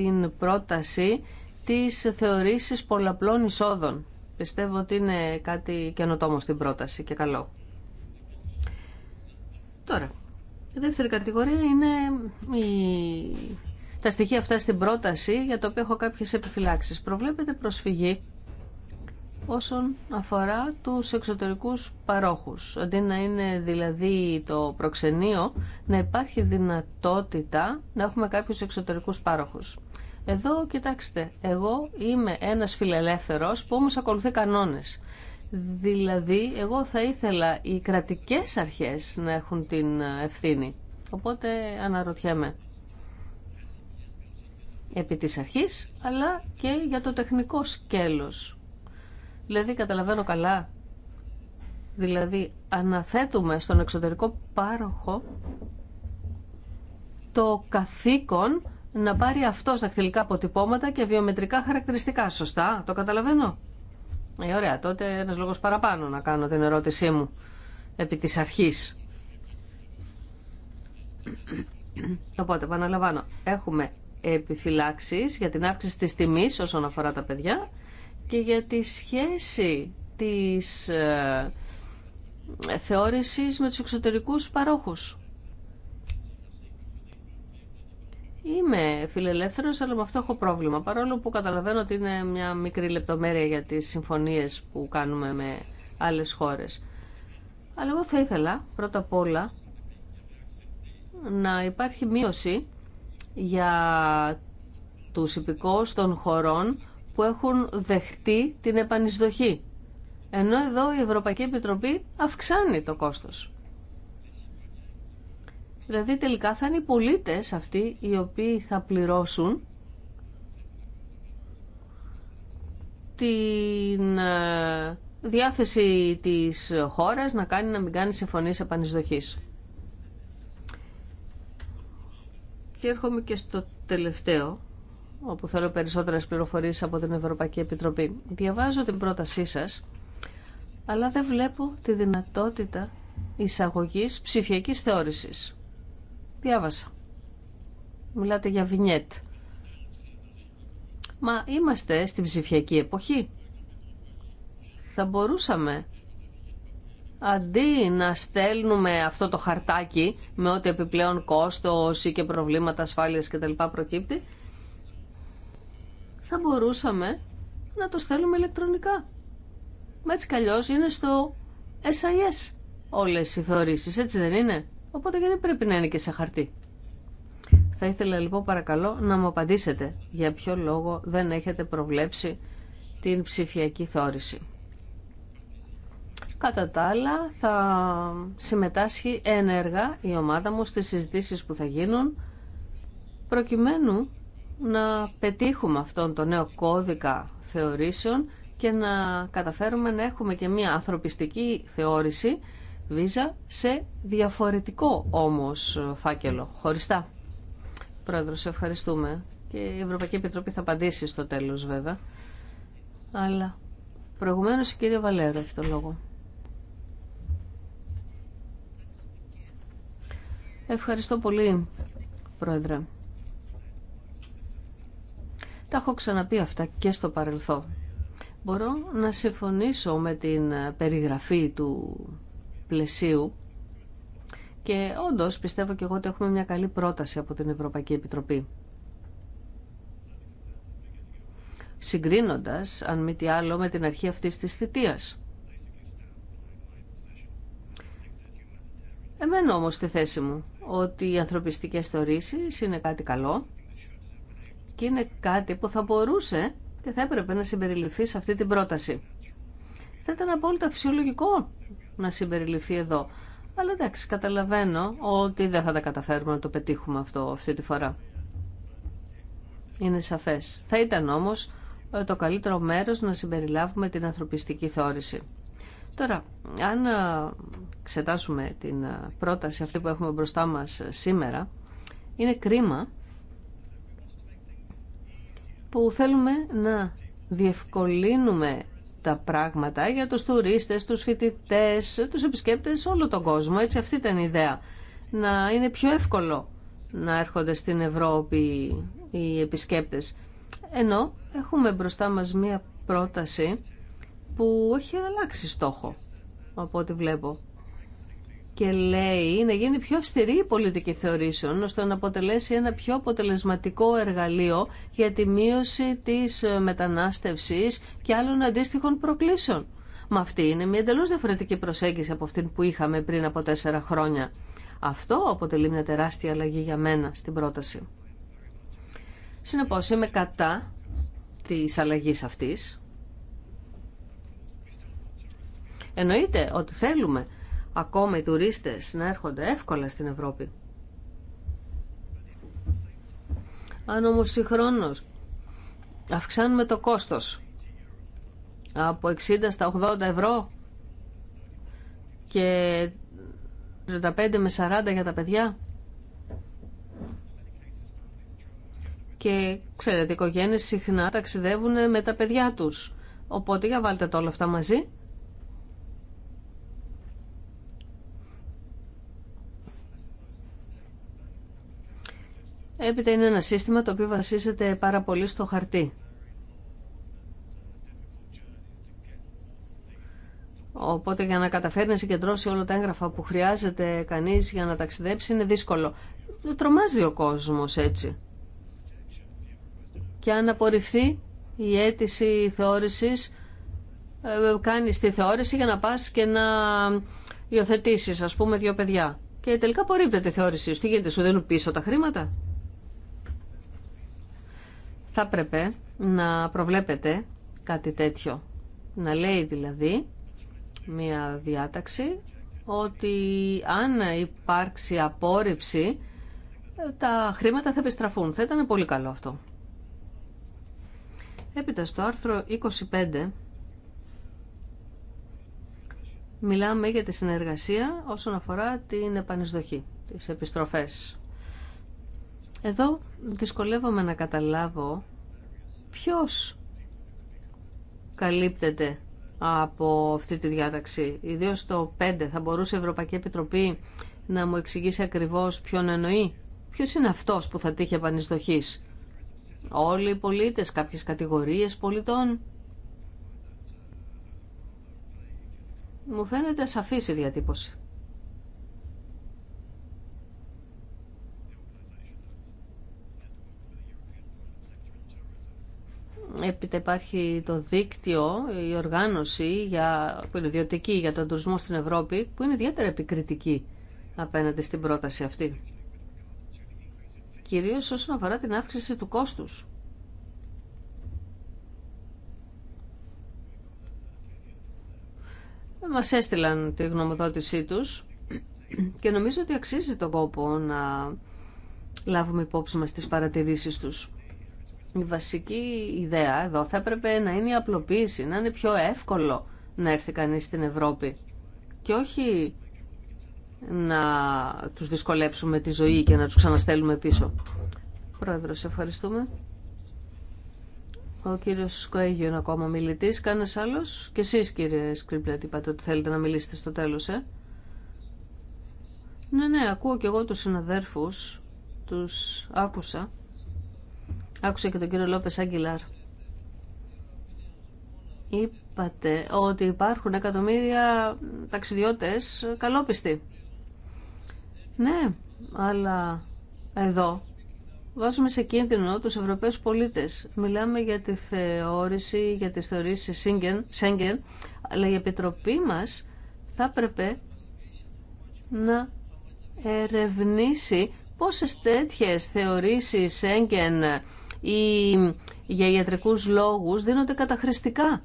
[SPEAKER 3] την πρόταση της θεωρήσεις πολλαπλών εισόδων. Πιστεύω ότι είναι κάτι καινοτόμο στην πρόταση και καλό. Τώρα, η δεύτερη κατηγορία είναι η... τα στοιχεία αυτά στην πρόταση για τα οποία έχω κάποιες επιφυλάξεις. Προβλέπεται προσφυγή όσον αφορά τους εξωτερικούς παρόχους. Αντί να είναι δηλαδή το προξενείο, να υπάρχει δυνατότητα να έχουμε κάποιους εξωτερικούς παρόχους. Εδώ, κοιτάξτε, εγώ είμαι ένας φιλελεύθερος που όμως ακολουθεί κανόνες. Δηλαδή, εγώ θα ήθελα οι κρατικές αρχές να έχουν την ε, ευθύνη. Οπότε αναρωτιέμαι επί της αρχής, αλλά και για το τεχνικό σκέλος. Δηλαδή, καταλαβαίνω καλά, δηλαδή αναθέτουμε στον εξωτερικό πάροχο το καθήκον να πάρει αυτός δακτυλικά αποτυπώματα και βιομετρικά χαρακτηριστικά. Σωστά, το καταλαβαίνω. Ε, ωραία, τότε ένα λόγο παραπάνω να κάνω την ερώτησή μου επί της αρχής. Οπότε, επαναλαμβάνω, έχουμε επιφυλάξεις για την αύξηση της τιμής όσον αφορά τα παιδιά και για τη σχέση της ε, θεώρησης με τους εξωτερικούς παρόχους. Είμαι φιλελεύθερος, αλλά με αυτό έχω πρόβλημα. Παρόλο που καταλαβαίνω ότι είναι μια μικρή λεπτομέρεια για τι συμφωνίες που κάνουμε με άλλες χώρες. Αλλά εγώ θα ήθελα πρώτα απ' όλα να υπάρχει μείωση για του υπηκόους των χωρών που έχουν δεχτεί την επανεισδοχή. Ενώ εδώ η Ευρωπαϊκή Επιτροπή αυξάνει το κόστος. Δηλαδή τελικά θα είναι οι πολίτες αυτοί οι οποίοι θα πληρώσουν την ε, διάθεση της χώρας να κάνει να μην κάνει συμφωνίες επανεισδοχής. Και έρχομαι και στο τελευταίο, όπου θέλω περισσότερες πληροφορίες από την Ευρωπαϊκή Επιτροπή. Διαβάζω την πρότασή σας, αλλά δεν βλέπω τη δυνατότητα εισαγωγής ψηφιακής θεώρησης διάβασα. Μιλάτε για βινιέτ. Μα είμαστε στην ψηφιακή εποχή. Θα μπορούσαμε αντί να στέλνουμε αυτό το χαρτάκι με ό,τι επιπλέον κόστος ή και προβλήματα ασφάλειας και προκύπτει, θα μπορούσαμε να το στέλνουμε ηλεκτρονικά. Μα έτσι κι είναι στο SIS όλες οι θεωρήσεις, έτσι δεν είναι. Οπότε γιατί πρέπει να είναι και σε χαρτί. Θα ήθελα λοιπόν παρακαλώ να μου απαντήσετε για ποιο λόγο δεν έχετε προβλέψει την ψηφιακή θεώρηση. Κατά τα άλλα θα συμμετάσχει ενεργά η ομάδα μου στις συζητήσεις που θα γίνουν προκειμένου να πετύχουμε αυτόν τον νέο κώδικα θεωρήσεων και να καταφέρουμε να έχουμε και μια ανθρωπιστική θεώρηση βίζα σε διαφορετικό όμως φάκελο, χωριστά. Πρόεδρο, σε ευχαριστούμε. Και η Ευρωπαϊκή Επιτροπή θα απαντήσει στο τέλος βέβαια. Αλλά προηγουμένως η κυρία Βαλέρο έχει τον λόγο. Ευχαριστώ πολύ, Πρόεδρε. Τα έχω ξαναπεί αυτά και στο παρελθόν. Μπορώ να συμφωνήσω με την περιγραφή του πλαισίου και όντως πιστεύω και εγώ ότι έχουμε μια καλή πρόταση από την Ευρωπαϊκή Επιτροπή. Συγκρίνοντας, αν μη τι άλλο, με την αρχή αυτής της θητείας. Εμένα όμως στη θέση μου ότι οι ανθρωπιστικές θεωρήσεις είναι κάτι καλό και είναι κάτι που θα μπορούσε και θα έπρεπε να συμπεριληφθεί σε αυτή την πρόταση. Θα ήταν απόλυτα φυσιολογικό να συμπεριληφθεί εδώ. Αλλά εντάξει, καταλαβαίνω ότι δεν θα τα καταφέρουμε να το πετύχουμε αυτό αυτή τη φορά. Είναι σαφές. Θα ήταν όμως ε, το καλύτερο μέρος να συμπεριλάβουμε την ανθρωπιστική θεώρηση. Τώρα, αν ε, εξετάσουμε την ε, πρόταση αυτή που έχουμε μπροστά μας σήμερα, είναι κρίμα που θέλουμε να διευκολύνουμε τα πράγματα για τους τουρίστες, τους φοιτητές, τους επισκέπτες, όλο τον κόσμο. Έτσι αυτή ήταν η ιδέα. Να είναι πιο εύκολο να έρχονται στην Ευρώπη οι επισκέπτες. Ενώ έχουμε μπροστά μας μία πρόταση που έχει αλλάξει στόχο από ό,τι βλέπω και λέει να γίνει πιο αυστηρή η πολιτική θεωρήσεων, ώστε να αποτελέσει ένα πιο αποτελεσματικό εργαλείο για τη μείωση της ε, μετανάστευσης και άλλων αντίστοιχων προκλήσεων. Μα αυτή είναι μια εντελώ διαφορετική προσέγγιση από αυτήν που είχαμε πριν από τέσσερα χρόνια. Αυτό αποτελεί μια τεράστια αλλαγή για μένα στην πρόταση. Συνεπώς είμαι κατά της αλλαγής αυτής. Εννοείται ότι θέλουμε ακόμα οι τουρίστες να έρχονται εύκολα στην Ευρώπη. Αν όμως συγχρόνως αυξάνουμε το κόστος από 60 στα 80 ευρώ και 35 με 40 για τα παιδιά και ξέρετε οι οικογένειες συχνά ταξιδεύουν με τα παιδιά τους οπότε για βάλτε τα όλα αυτά μαζί Έπειτα είναι ένα σύστημα το οποίο βασίζεται πάρα πολύ στο χαρτί. Οπότε για να καταφέρει να συγκεντρώσει όλα τα έγγραφα που χρειάζεται κανείς για να ταξιδέψει είναι δύσκολο. Τρομάζει ο κόσμος έτσι. Και αν απορριφθεί η αίτηση θεώρησης, ε, κάνεις τη θεώρηση για να πας και να υιοθετήσει, ας πούμε, δύο παιδιά. Και τελικά απορρίπτεται η θεώρησή σου. Τι γίνεται, σου δίνουν πίσω τα χρήματα θα έπρεπε να προβλέπετε κάτι τέτοιο. Να λέει δηλαδή μια διάταξη ότι αν υπάρξει απόρριψη τα χρήματα θα επιστραφούν. Θα ήταν πολύ καλό αυτό. Έπειτα στο άρθρο 25 μιλάμε για τη συνεργασία όσον αφορά την επανεισδοχή, τις επιστροφές. Εδώ δυσκολεύομαι να καταλάβω ποιος καλύπτεται από αυτή τη διάταξη. ιδίω το 5 θα μπορούσε η Ευρωπαϊκή Επιτροπή να μου εξηγήσει ακριβώς ποιον εννοεί. Ποιος είναι αυτός που θα τύχει επανεισδοχής. Όλοι οι πολίτες, κάποιες κατηγορίες πολιτών. Μου φαίνεται σαφής η διατύπωση. Έπειτα υπάρχει το δίκτυο, η οργάνωση για, που είναι ιδιωτική για τον τουρισμό στην Ευρώπη, που είναι ιδιαίτερα επικριτική απέναντι στην πρόταση αυτή. Κυρίως όσον αφορά την αύξηση του κόστους. Μας έστειλαν τη γνωμοδότησή τους και νομίζω ότι αξίζει τον κόπο να λάβουμε υπόψη μας τις παρατηρήσεις τους. Η βασική ιδέα εδώ θα έπρεπε να είναι η απλοποίηση, να είναι πιο εύκολο να έρθει κανείς στην Ευρώπη και όχι να τους δυσκολέψουμε τη ζωή και να τους ξαναστέλουμε πίσω. σε ευχαριστούμε. Ο κύριος Κοέγιο είναι ακόμα μιλητής. Κάνες άλλος. Και εσείς κύριε Σκρίπλετ είπατε ότι θέλετε να μιλήσετε στο τέλος, ε. Ναι, ναι, ακούω και εγώ τους συναδέρφους. Τους άκουσα. Άκουσα και τον κύριο Λόπες Αγγιλάρ. Είπατε ότι υπάρχουν εκατομμύρια ταξιδιώτες καλόπιστοι. Ναι, αλλά εδώ βάζουμε σε κίνδυνο τους Ευρωπαίους πολίτες. Μιλάμε για τη θεώρηση, για τις θεωρήσεις Σέγγεν, αλλά η Επιτροπή μας θα έπρεπε να ερευνήσει πόσες τέτοιες θεωρήσεις Σέγγεν ή για ιατρικούς λόγους δίνονται καταχρηστικά.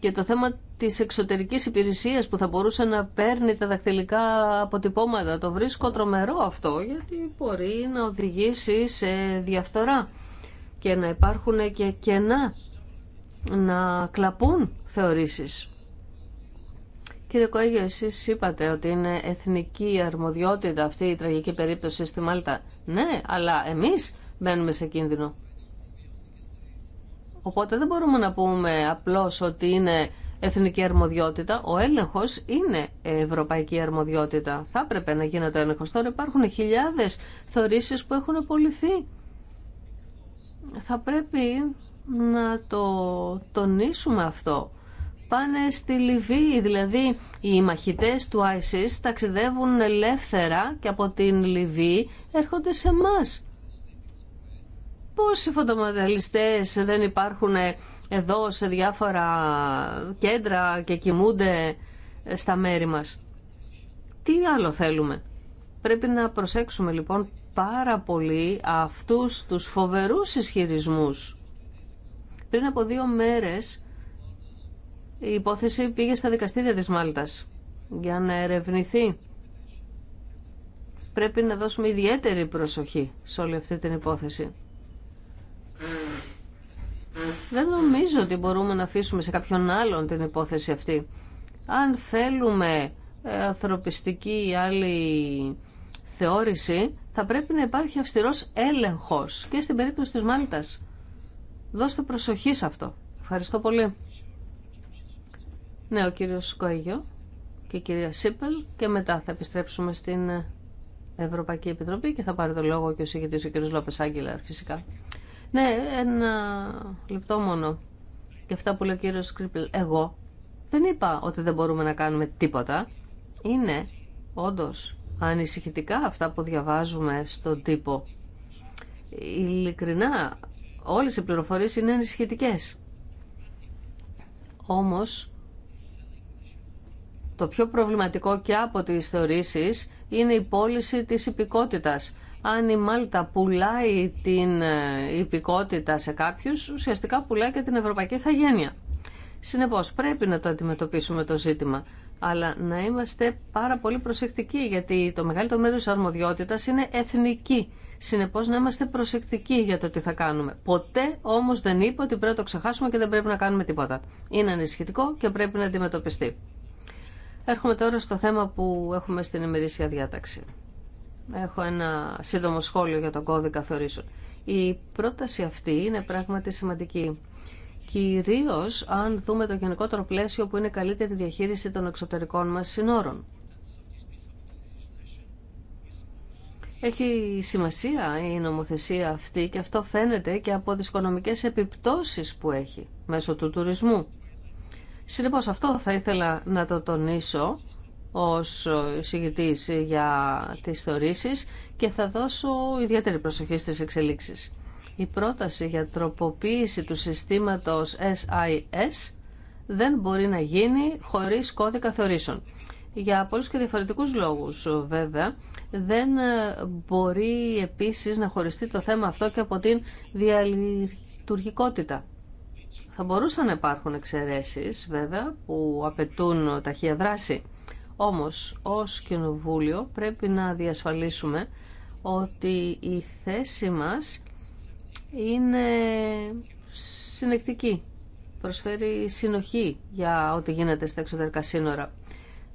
[SPEAKER 3] Και το θέμα της εξωτερικής υπηρεσίας που θα μπορούσε να παίρνει τα δακτυλικά αποτυπώματα, το βρίσκω τρομερό αυτό, γιατί μπορεί να οδηγήσει σε διαφθορά και να υπάρχουν και κενά να κλαπούν θεωρήσεις. Κύριε Κοέγιο, εσεί είπατε ότι είναι εθνική αρμοδιότητα αυτή η τραγική περίπτωση στη Μάλτα. Ναι, αλλά εμείς μπαίνουμε σε κίνδυνο. Οπότε δεν μπορούμε να πούμε απλώς ότι είναι εθνική αρμοδιότητα. Ο έλεγχο είναι ευρωπαϊκή αρμοδιότητα. Θα έπρεπε να γίνεται έλεγχο. Τώρα υπάρχουν χιλιάδε θεωρήσει που έχουν απολυθεί. Θα πρέπει να το τονίσουμε αυτό πάνε στη Λιβύη, δηλαδή οι μαχητές του ISIS ταξιδεύουν ελεύθερα και από την Λιβύη έρχονται σε εμά. Πόσοι φωτομεταλλιστές δεν υπάρχουν εδώ σε διάφορα κέντρα και κοιμούνται στα μέρη μας. Τι άλλο θέλουμε. Πρέπει να προσέξουμε λοιπόν πάρα πολύ αυτούς τους φοβερούς ισχυρισμούς. Πριν από δύο μέρες η υπόθεση πήγε στα δικαστήρια της Μάλτας για να ερευνηθεί. Πρέπει να δώσουμε ιδιαίτερη προσοχή σε όλη αυτή την υπόθεση. Δεν νομίζω ότι μπορούμε να αφήσουμε σε κάποιον άλλον την υπόθεση αυτή. Αν θέλουμε ε, ανθρωπιστική ή άλλη θεώρηση, θα πρέπει να υπάρχει αυστηρός έλεγχος και στην περίπτωση της Μάλτας. Δώστε προσοχή σε αυτό. Ευχαριστώ πολύ. Ναι, ο κύριος Σκόγιο και η κυρία Σίπελ και μετά θα επιστρέψουμε στην ε, Ευρωπαϊκή Επιτροπή και θα πάρει το λόγο και ο συγκεκριτής ο κύριος Λόπες Άγγελαρ φυσικά. Ναι, ένα λεπτό μόνο. Και αυτά που λέει ο κύριος Σκρίπελ, εγώ δεν είπα ότι δεν μπορούμε να κάνουμε τίποτα. Είναι όντως ανησυχητικά αυτά που διαβάζουμε στον τύπο. Ειλικρινά, όλες οι πληροφορίες είναι ανησυχητικές. Όμως, το πιο προβληματικό και από τις θεωρήσεις είναι η πώληση της υπηκότητας. Αν η Μάλτα πουλάει την ε, υπηκότητα σε κάποιους, ουσιαστικά πουλάει και την ευρωπαϊκή θαγένεια. Συνεπώς πρέπει να το αντιμετωπίσουμε το ζήτημα, αλλά να είμαστε πάρα πολύ προσεκτικοί, γιατί το μεγαλύτερο μέρο της αρμοδιότητας είναι εθνική. Συνεπώς να είμαστε προσεκτικοί για το τι θα κάνουμε. Ποτέ όμως δεν είπα ότι πρέπει να το ξεχάσουμε και δεν πρέπει να κάνουμε τίποτα. Είναι ανησυχητικό και πρέπει να αντιμετωπιστεί. Έρχομαι τώρα στο θέμα που έχουμε στην ημερήσια διάταξη. Έχω ένα σύντομο σχόλιο για τον κώδικα θεωρήσεων. Η πρόταση αυτή είναι πράγματι σημαντική. Κυρίω αν δούμε το γενικότερο πλαίσιο που είναι καλύτερη διαχείριση των εξωτερικών μα συνόρων. Έχει σημασία η νομοθεσία αυτή και αυτό φαίνεται και από τις οικονομικές επιπτώσεις που έχει μέσω του τουρισμού. Συνεπώς αυτό θα ήθελα να το τονίσω ως εισηγητής για τις θεωρήσεις και θα δώσω ιδιαίτερη προσοχή στις εξελίξεις. Η πρόταση για τροποποίηση του συστήματος SIS δεν μπορεί να γίνει χωρίς κώδικα θεωρήσεων. Για πολλούς και διαφορετικούς λόγους βέβαια δεν μπορεί επίσης να χωριστεί το θέμα αυτό και από την διαλειτουργικότητα. Θα μπορούσαν να υπάρχουν εξαιρέσει, βέβαια, που απαιτούν ταχεία δράση. Όμως, ως Κοινοβούλιο πρέπει να διασφαλίσουμε ότι η θέση μας είναι συνεκτική. Προσφέρει συνοχή για ό,τι γίνεται στα εξωτερικά σύνορα.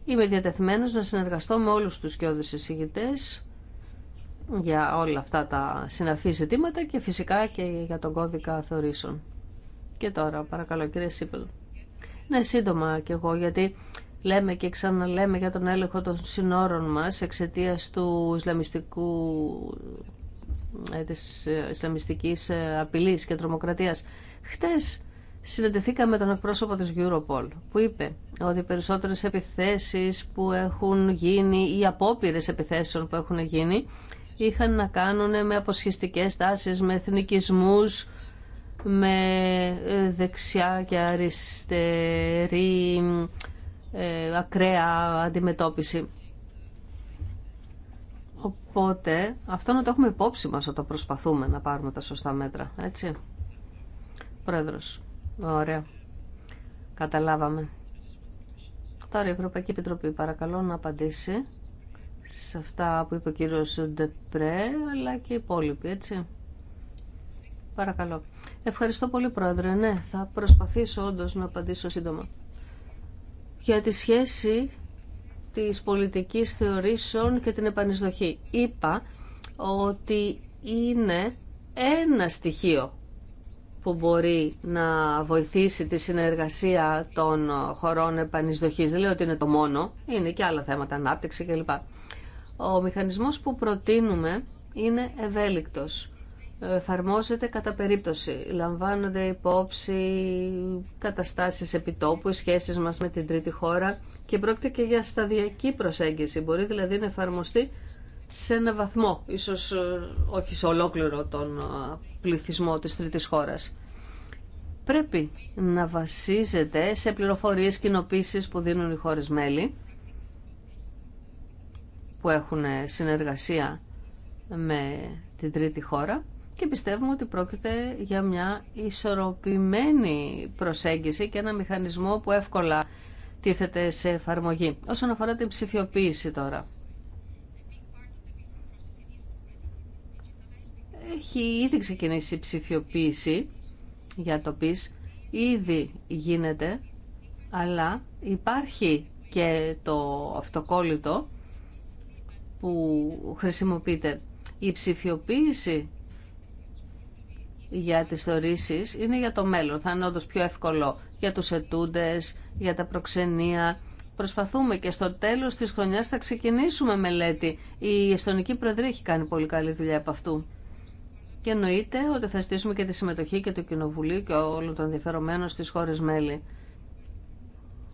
[SPEAKER 3] Είμαι διατεθειμένος να συνεργαστώ με όλους τους κοιόδες εισηγητές για όλα αυτά τα συναφή ζητήματα και φυσικά και για τον κώδικα θεωρήσεων. Και τώρα, παρακαλώ, κύριε Σίπελ. Ναι, σύντομα κι εγώ, γιατί λέμε και ξαναλέμε για τον έλεγχο των συνόρων μας εξαιτία του Ισλαμιστικού ε, της ε, Ισλαμιστικής ε, απειλής και τρομοκρατίας. Χτες συναντηθήκαμε με τον εκπρόσωπο της Europol που είπε ότι οι περισσότερες επιθέσεις που έχουν γίνει ή απόπειρες επιθέσεων που έχουν γίνει είχαν να κάνουν με αποσχιστικές τάσεις, με εθνικισμούς με ε, δεξιά και αριστερή ε, ακραία αντιμετώπιση. Οπότε αυτό να το έχουμε υπόψη μας όταν προσπαθούμε να πάρουμε τα σωστά μέτρα, έτσι. Πρόεδρος, ωραία. Καταλάβαμε. Τώρα η Ευρωπαϊκή Επιτροπή παρακαλώ να απαντήσει σε αυτά που είπε ο κύριος Ντεπρέ αλλά και οι υπόλοιποι, έτσι. Παρακαλώ. Ευχαριστώ πολύ, Πρόεδρε. Ναι, θα προσπαθήσω όντω να απαντήσω σύντομα. Για τη σχέση της πολιτικής θεωρήσεων και την επανεισδοχή. Είπα ότι είναι ένα στοιχείο που μπορεί να βοηθήσει τη συνεργασία των χωρών επανεισδοχής. Δεν λέω ότι είναι το μόνο, είναι και άλλα θέματα, ανάπτυξη κλπ. Ο μηχανισμός που προτείνουμε είναι ευέλικτος εφαρμόζεται κατά περίπτωση. Λαμβάνονται υπόψη καταστάσεις επιτόπου, οι σχέσεις μας με την τρίτη χώρα και πρόκειται και για σταδιακή προσέγγιση. Μπορεί δηλαδή να εφαρμοστεί σε ένα βαθμό, ίσως ε, όχι σε ολόκληρο τον ε, πληθυσμό της τρίτης χώρας. Πρέπει να βασίζεται σε πληροφορίες κοινοποίηση που δίνουν οι χώρες μέλη, που έχουν συνεργασία με την τρίτη χώρα και πιστεύουμε ότι πρόκειται για μια ισορροπημένη προσέγγιση και ένα μηχανισμό που εύκολα τίθεται σε εφαρμογή. Όσον αφορά την ψηφιοποίηση τώρα. Έχει ήδη ξεκινήσει η ψηφιοποίηση για το πις, ήδη γίνεται, αλλά υπάρχει και το αυτοκόλλητο που χρησιμοποιείται. Η ψηφιοποίηση για τις θεωρήσεις είναι για το μέλλον. Θα είναι όντως πιο εύκολο για τους ετούντες, για τα προξενία. Προσπαθούμε και στο τέλος της χρονιάς θα ξεκινήσουμε μελέτη. Η Εστονική Προεδρία έχει κάνει πολύ καλή δουλειά από αυτού. Και εννοείται ότι θα στήσουμε και τη συμμετοχή και του Κοινοβουλίου και όλων των ενδιαφερομένων στις χώρες μέλη.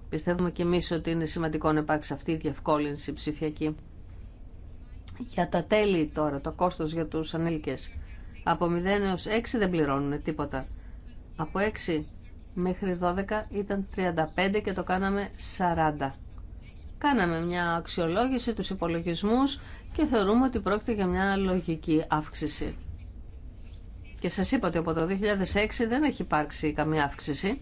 [SPEAKER 3] Πιστεύουμε και εμείς ότι είναι σημαντικό να υπάρξει αυτή η διευκόλυνση ψηφιακή. Για τα τέλη τώρα, το κόστος για τους ανήλικες. Από 0 έως 6 δεν πληρώνουν τίποτα. Από 6 μέχρι 12 ήταν 35 και το κάναμε 40. Κάναμε μια αξιολόγηση τους υπολογισμούς και θεωρούμε ότι πρόκειται για μια λογική αύξηση. Και σας είπα ότι από το 2006 δεν έχει υπάρξει καμία αύξηση.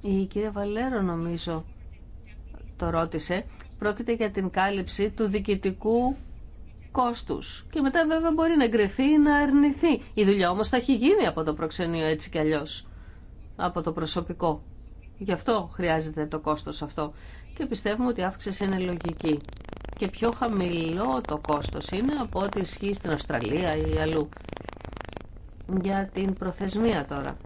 [SPEAKER 3] Η κυρία Βαλέρο νομίζω το ρώτησε. Πρόκειται για την κάλυψη του διοικητικού κόστους. Και μετά βέβαια μπορεί να εγκρεθεί ή να αρνηθεί. Η δουλειά όμως θα έχει γίνει από το προξενείο έτσι κι αλλιώς. Από το προσωπικό. Γι' αυτό χρειάζεται το κόστος αυτό. Και πιστεύουμε ότι η δουλεια όμω θα εχει γινει απο το προξενειο ετσι κι αλλιώ απο το προσωπικο γι αυτο χρειαζεται το λογική. Και πιο χαμηλό το κόστος είναι από ό,τι ισχύει στην Αυστραλία ή αλλού. Για την προθεσμία τώρα.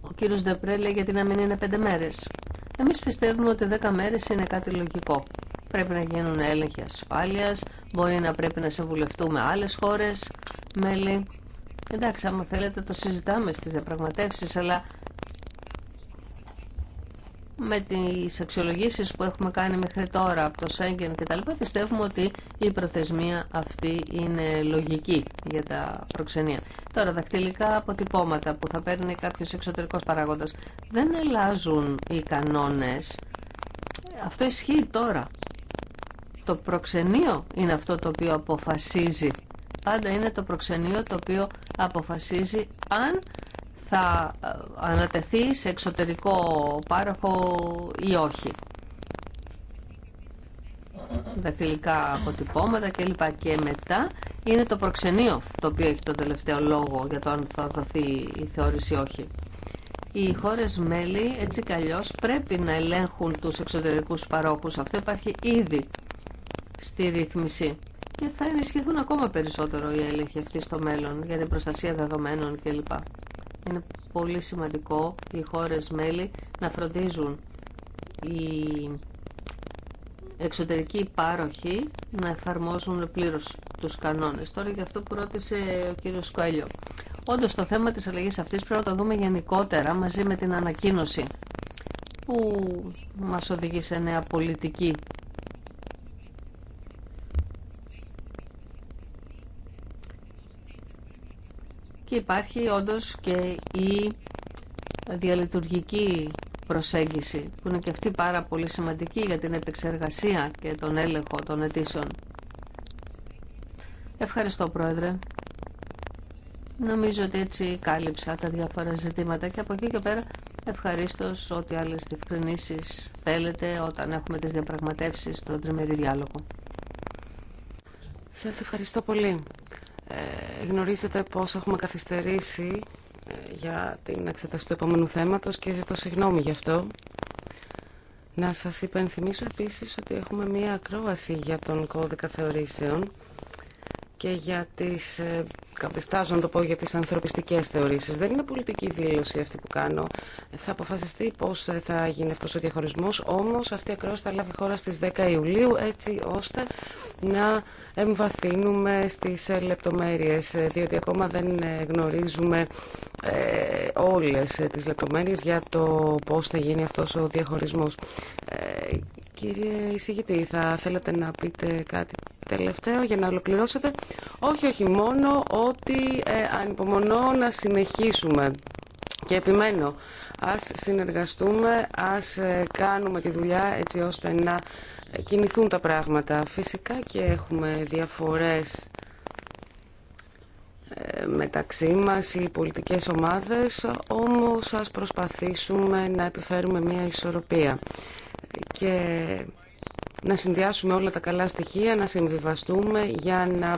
[SPEAKER 3] Ο κύριος Ντεπρέ γιατί να μην είναι πέντε μέρες. Εμείς πιστεύουμε ότι δέκα μέρες είναι κάτι λογικό πρέπει να γίνουν έλεγχοι ασφάλειας, μπορεί να πρέπει να συμβουλευτούμε άλλες χώρες, μέλη. Εντάξει, άμα θέλετε το συζητάμε στις διαπραγματεύσει, αλλά με τις αξιολογήσεις που έχουμε κάνει μέχρι τώρα από το Σέγγεν και τα λοιπά, πιστεύουμε ότι η προθεσμία αυτή είναι λογική για τα προξενία. Τώρα, δακτυλικά αποτυπώματα που θα παίρνει κάποιος εξωτερικός παράγοντας δεν αλλάζουν οι κανόνες. Αυτό ισχύει τώρα το προξενείο είναι αυτό το οποίο αποφασίζει. Πάντα είναι το προξενείο το οποίο αποφασίζει αν θα ε, ανατεθεί σε εξωτερικό πάροχο ή όχι. Δακτυλικά αποτυπώματα κλπ. Και μετά είναι το προξενείο το οποίο έχει το τελευταίο λόγο για το αν θα δοθεί η θεώρηση ή όχι. Οι χώρες μέλη έτσι καλλιώς πρέπει να ελέγχουν τους εξωτερικούς παρόχους. Αυτό υπάρχει ήδη στη ρύθμιση και θα ενισχυθούν ακόμα περισσότερο οι έλεγχοι αυτοί στο μέλλον για την προστασία δεδομένων κλπ. Είναι πολύ σημαντικό οι χώρες μέλη να φροντίζουν οι εξωτερικοί πάροχοι να εφαρμόζουν πλήρως τους κανόνες. Τώρα για αυτό που ρώτησε ο κύριος Σκουέλιο. Όντως το θέμα της αλλαγής αυτής πρέπει να το δούμε γενικότερα μαζί με την ανακοίνωση που μας οδηγεί σε νέα πολιτική και υπάρχει όντως και η διαλειτουργική προσέγγιση που είναι και αυτή πάρα πολύ σημαντική για την επεξεργασία και τον έλεγχο των αιτήσεων. Ευχαριστώ Πρόεδρε. Νομίζω ότι έτσι κάλυψα τα διάφορα ζητήματα και από εκεί και πέρα ευχαρίστω ό,τι άλλε διευκρινήσει θέλετε όταν έχουμε τις διαπραγματεύσει στον τριμερή διάλογο. Σα ευχαριστώ πολύ. Ε, γνωρίζετε
[SPEAKER 2] πως έχουμε καθυστερήσει ε, για την εξετάση του επόμενου θέματος και ζητώ συγγνώμη γι' αυτό. Να σας υπενθυμίσω επίσης ότι έχουμε μία ακρόαση για τον κώδικα θεωρήσεων και για τις, ε, να το πω, για τις ανθρωπιστικές θεωρήσεις. Δεν είναι πολιτική δήλωση αυτή που κάνω. Θα αποφασιστεί πώς ε, θα γίνει αυτός ο διαχωρισμός, όμως αυτή η ακρόαση θα λάβει χώρα στις 10 Ιουλίου, έτσι ώστε να εμβαθύνουμε στις ε, λεπτομέρειες, ε, διότι ακόμα δεν γνωρίζουμε ε, όλες τις λεπτομέρειες για το πώς θα γίνει αυτός ο διαχωρισμός. Ε, κύριε εισηγητή, θα θέλατε να πείτε κάτι τελευταίο για να ολοκληρώσετε. Όχι, όχι μόνο ότι ε, ανυπομονώ να συνεχίσουμε και επιμένω. Ας συνεργαστούμε, ας ε, κάνουμε τη δουλειά έτσι ώστε να κινηθούν τα πράγματα. Φυσικά και έχουμε διαφορές ε, μεταξύ μας οι πολιτικές ομάδες, όμως ας προσπαθήσουμε να επιφέρουμε μια ισορροπία. Και να συνδυάσουμε όλα τα καλά στοιχεία, να συμβιβαστούμε για να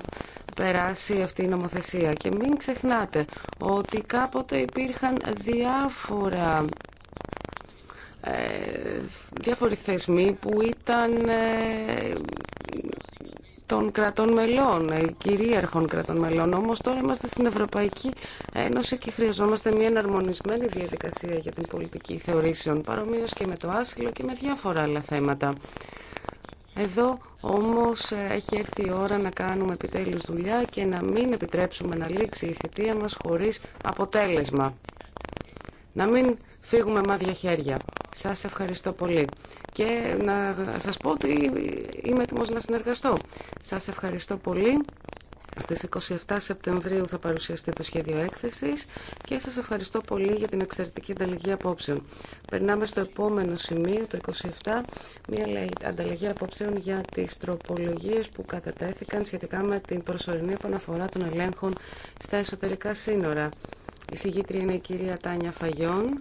[SPEAKER 2] περάσει αυτή η νομοθεσία. Και μην ξεχνάτε ότι κάποτε υπήρχαν διάφορα ε, διάφοροι θεσμοί που ήταν ε, των κρατών μελών, ε, κυρίαρχων κρατών μελών. Όμως τώρα είμαστε στην Ευρωπαϊκή Ένωση και χρειαζόμαστε μια εναρμονισμένη διαδικασία για την πολιτική θεωρήσεων, παρομοίως και με το άσυλο και με διάφορα άλλα θέματα. Εδώ όμως έχει έρθει η ώρα να κάνουμε επιτέλους δουλειά και να μην επιτρέψουμε να λήξει η θητεία μας χωρίς αποτέλεσμα. Να μην φύγουμε μάδια χέρια. Σας ευχαριστώ πολύ. Και να σας πω ότι είμαι έτοιμος να συνεργαστώ. Σας ευχαριστώ πολύ στις 27 Σεπτεμβρίου θα παρουσιαστεί το σχέδιο έκθεσης και σας ευχαριστώ πολύ για την εξαιρετική ανταλλαγή απόψεων. Περνάμε στο επόμενο σημείο, το 27, μια ανταλλαγή απόψεων για τις τροπολογίες που κατατέθηκαν σχετικά με την προσωρινή επαναφορά των ελέγχων στα εσωτερικά σύνορα. Η συγγήτρια είναι η κυρία Τάνια Φαγιόν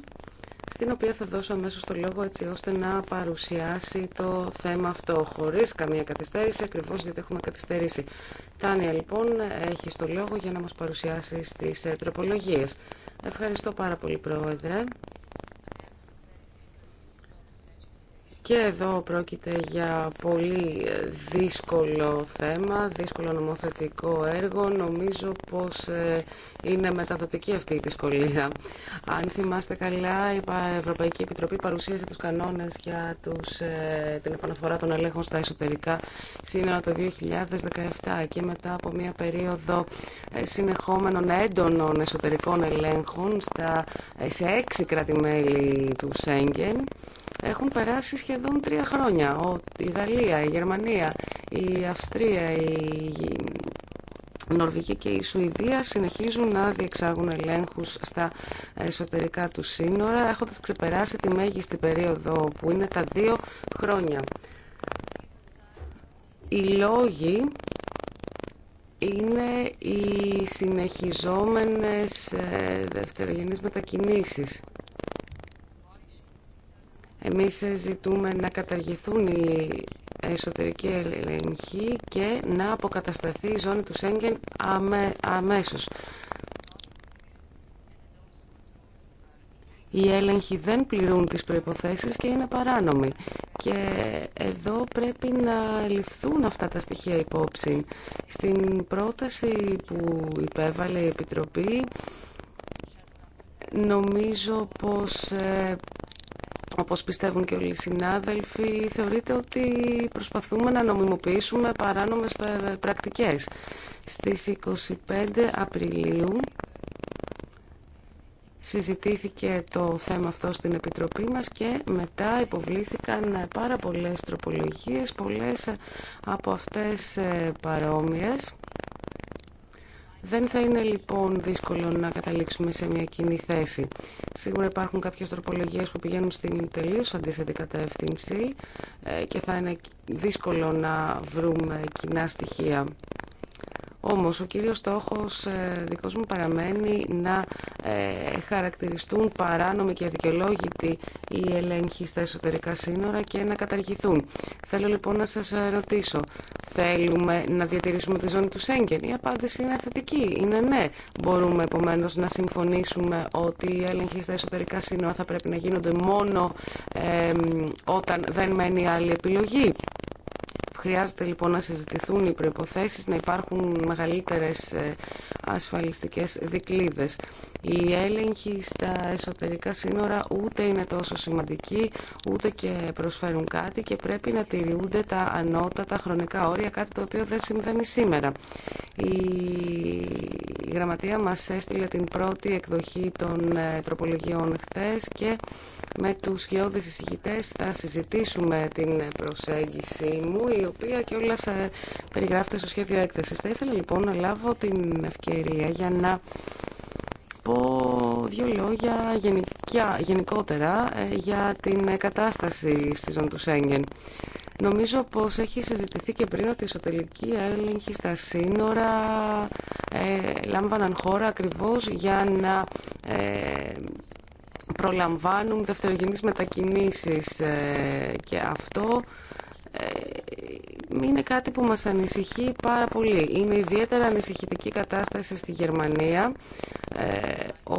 [SPEAKER 2] στην οποία θα δώσω αμέσως το λόγο έτσι ώστε να παρουσιάσει το θέμα αυτό χωρίς καμία καθυστέρηση, ακριβώς διότι έχουμε καθυστερήσει. Τάνια λοιπόν έχει το λόγο για να μας παρουσιάσει τις ε, τροπολογίες. Ευχαριστώ πάρα πολύ Πρόεδρε. Και εδώ πρόκειται για πολύ δύσκολο θέμα, δύσκολο νομοθετικό έργο. Νομίζω πως ε, είναι μεταδοτική αυτή η δυσκολία. Αν θυμάστε καλά, η Ευρωπαϊκή Επιτροπή παρουσίασε τους κανόνες για τους, ε, την επαναφορά των ελέγχων στα εσωτερικά σύνορα το 2017 και μετά από μια περίοδο ε, συνεχόμενων έντονων εσωτερικών ελέγχων στα, σε έξι κράτη-μέλη του Σέγγεν έχουν περάσει σχεδόν τρία χρόνια. Η Γαλλία, η Γερμανία, η Αυστρία, η Νορβηγία και η Σουηδία συνεχίζουν να διεξάγουν ελέγχους στα εσωτερικά του σύνορα, έχοντας ξεπεράσει τη μέγιστη περίοδο που είναι τα δύο χρόνια. Οι λόγοι είναι οι συνεχιζόμενες ε, δευτερογενείς μετακινήσεις. Εμείς ζητούμε να καταργηθούν οι εσωτερικοί ελεγχοί και να αποκατασταθεί η ζώνη του Σέγγεν αμέ, αμέσως. Οι έλεγχοι δεν πληρούν τις προϋποθέσεις και είναι παράνομοι. Και εδώ πρέπει να ληφθούν αυτά τα στοιχεία υπόψη. Στην πρόταση που υπέβαλε η Επιτροπή νομίζω πως ε, όπως πιστεύουν και όλοι οι συνάδελφοι, θεωρείται ότι προσπαθούμε να νομιμοποιήσουμε παράνομες πρακτικές. Στις 25 Απριλίου συζητήθηκε το θέμα αυτό στην Επιτροπή μας και μετά υποβλήθηκαν πάρα πολλές τροπολογίες, πολλές από αυτές ε, παρόμοιες. Δεν θα είναι λοιπόν δύσκολο να καταλήξουμε σε μια κοινή θέση. Σίγουρα υπάρχουν κάποιες τροπολογίες που πηγαίνουν στην τελείως αντίθετη κατεύθυνση ε, και θα είναι δύσκολο να βρούμε κοινά στοιχεία όμως ο κύριος στόχος ε, δικός μου παραμένει να ε, χαρακτηριστούν παράνομοι και αδικαιολόγητοι οι ελέγχοι στα εσωτερικά σύνορα και να καταργηθούν. Θέλω λοιπόν να σας ε, ρωτήσω, θέλουμε να διατηρήσουμε τη ζώνη του Σέγγεν. Η απάντηση είναι θετική, είναι ναι. Μπορούμε επομένως να συμφωνήσουμε ότι οι έλεγχοι στα εσωτερικά σύνορα θα πρέπει να γίνονται μόνο όταν δεν μένει άλλη επιλογή. Χρειάζεται λοιπόν να συζητηθούν οι προποθέσει να υπάρχουν μεγαλύτερε ε, ασφαλιστικές δικλίδες. Η έλεγχοι στα εσωτερικά σύνορα ούτε είναι τόσο σημαντικοί, ούτε και προσφέρουν κάτι και πρέπει να τηρούνται τα ανώτατα χρονικά όρια, κάτι το οποίο δεν συμβαίνει σήμερα. Η γραμματεία μας έστειλε την πρώτη εκδοχή των ε, τροπολογιών χθε. και με τους σκιώδεις εισηγητές θα συζητήσουμε την προσέγγιση μου, η οποία κιόλας ε, περιγράφεται στο σχέδιο έκθεσης. Θα ήθελα λοιπόν να λάβω την ευκαιρία για να πω δύο λόγια γενικιά, γενικότερα ε, για την κατάσταση στη ζώνη του Σέγγεν. Νομίζω πως έχει συζητηθεί και πριν ότι η εσωτερική έλεγχοι στα σύνορα ε, λάμβαναν χώρα ακριβώς για να ε, προλαμβάνουν δευτερογενείς μετακινήσεις ε, και αυτό ε, είναι κάτι που μας ανησυχεί πάρα πολύ. Είναι ιδιαίτερα ανησυχητική κατάσταση στη Γερμανία. Ε, ο,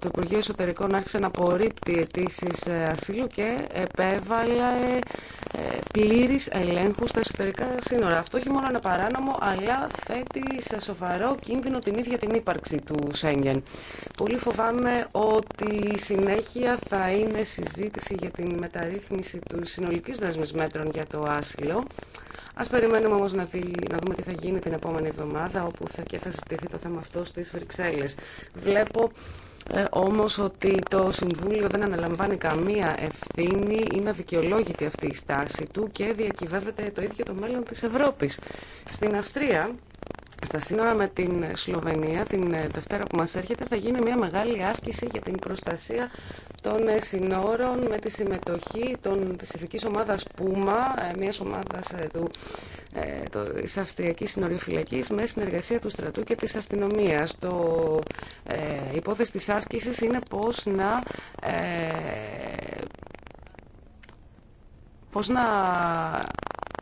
[SPEAKER 2] το Υπουργείο Εσωτερικών άρχισε να απορρίπτει αιτήσει ασύλου και επέβαλε ε, πλήρης ελέγχου στα εσωτερικά σύνορα. Αυτό έχει μόνο είναι παράνομο, αλλά θέτει σε σοβαρό κίνδυνο την ίδια την ύπαρξη του Σέγγεν. Πολύ φοβάμαι ότι η συνέχεια θα είναι συζήτηση για την μεταρρύθμιση του συνολική δέσμης μέτρων για το άσυλο. Ας περιμένουμε όμως να, δούμε τι θα γίνει την επόμενη εβδομάδα, όπου θα, και θα συζητηθεί το θέμα αυτό στις Βρυξέλλες. Βλέπω ε, όμως ότι το Συμβούλιο δεν αναλαμβάνει καμία ευθύνη, είναι αδικαιολόγητη αυτή η στάση του και διακυβεύεται το ίδιο το μέλλον της Ευρώπης. Στην Αυστρία, στα σύνορα με την Σλοβενία, την ε, Δευτέρα που μας έρχεται, θα γίνει μια μεγάλη άσκηση για την προστασία των ε, συνόρων με τη συμμετοχή των, της ειδικής ομάδας Πούμα, ε, μιας ομάδας του Τη ε, το, της με συνεργασία του στρατού και της αστυνομίας. Το ε, υπόθεση της άσκησης είναι πώς να, ε, πώς να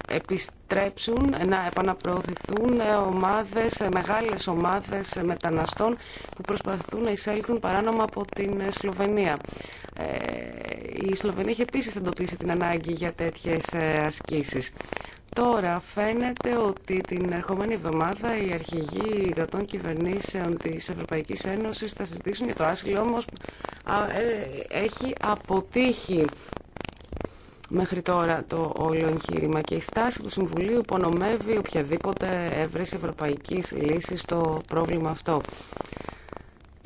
[SPEAKER 2] επιστρέψουν, να επαναπροωθηθούν ομάδες, μεγάλες ομάδες μεταναστών που προσπαθούν να εισέλθουν παράνομα από την Σλοβενία. Ε, η Σλοβενία έχει επίσης εντοπίσει την ανάγκη για τέτοιες ασκήσεις. Τώρα φαίνεται ότι την ερχόμενη εβδομάδα οι αρχηγοί κρατών κυβερνήσεων της Ευρωπαϊκής Ένωσης θα συζητήσουν για το άσυλο, όμως ε, έχει αποτύχει μέχρι τώρα το όλο εγχείρημα και η στάση του Συμβουλίου υπονομεύει οποιαδήποτε έβρεση ευρωπαϊκής λύσης στο πρόβλημα αυτό.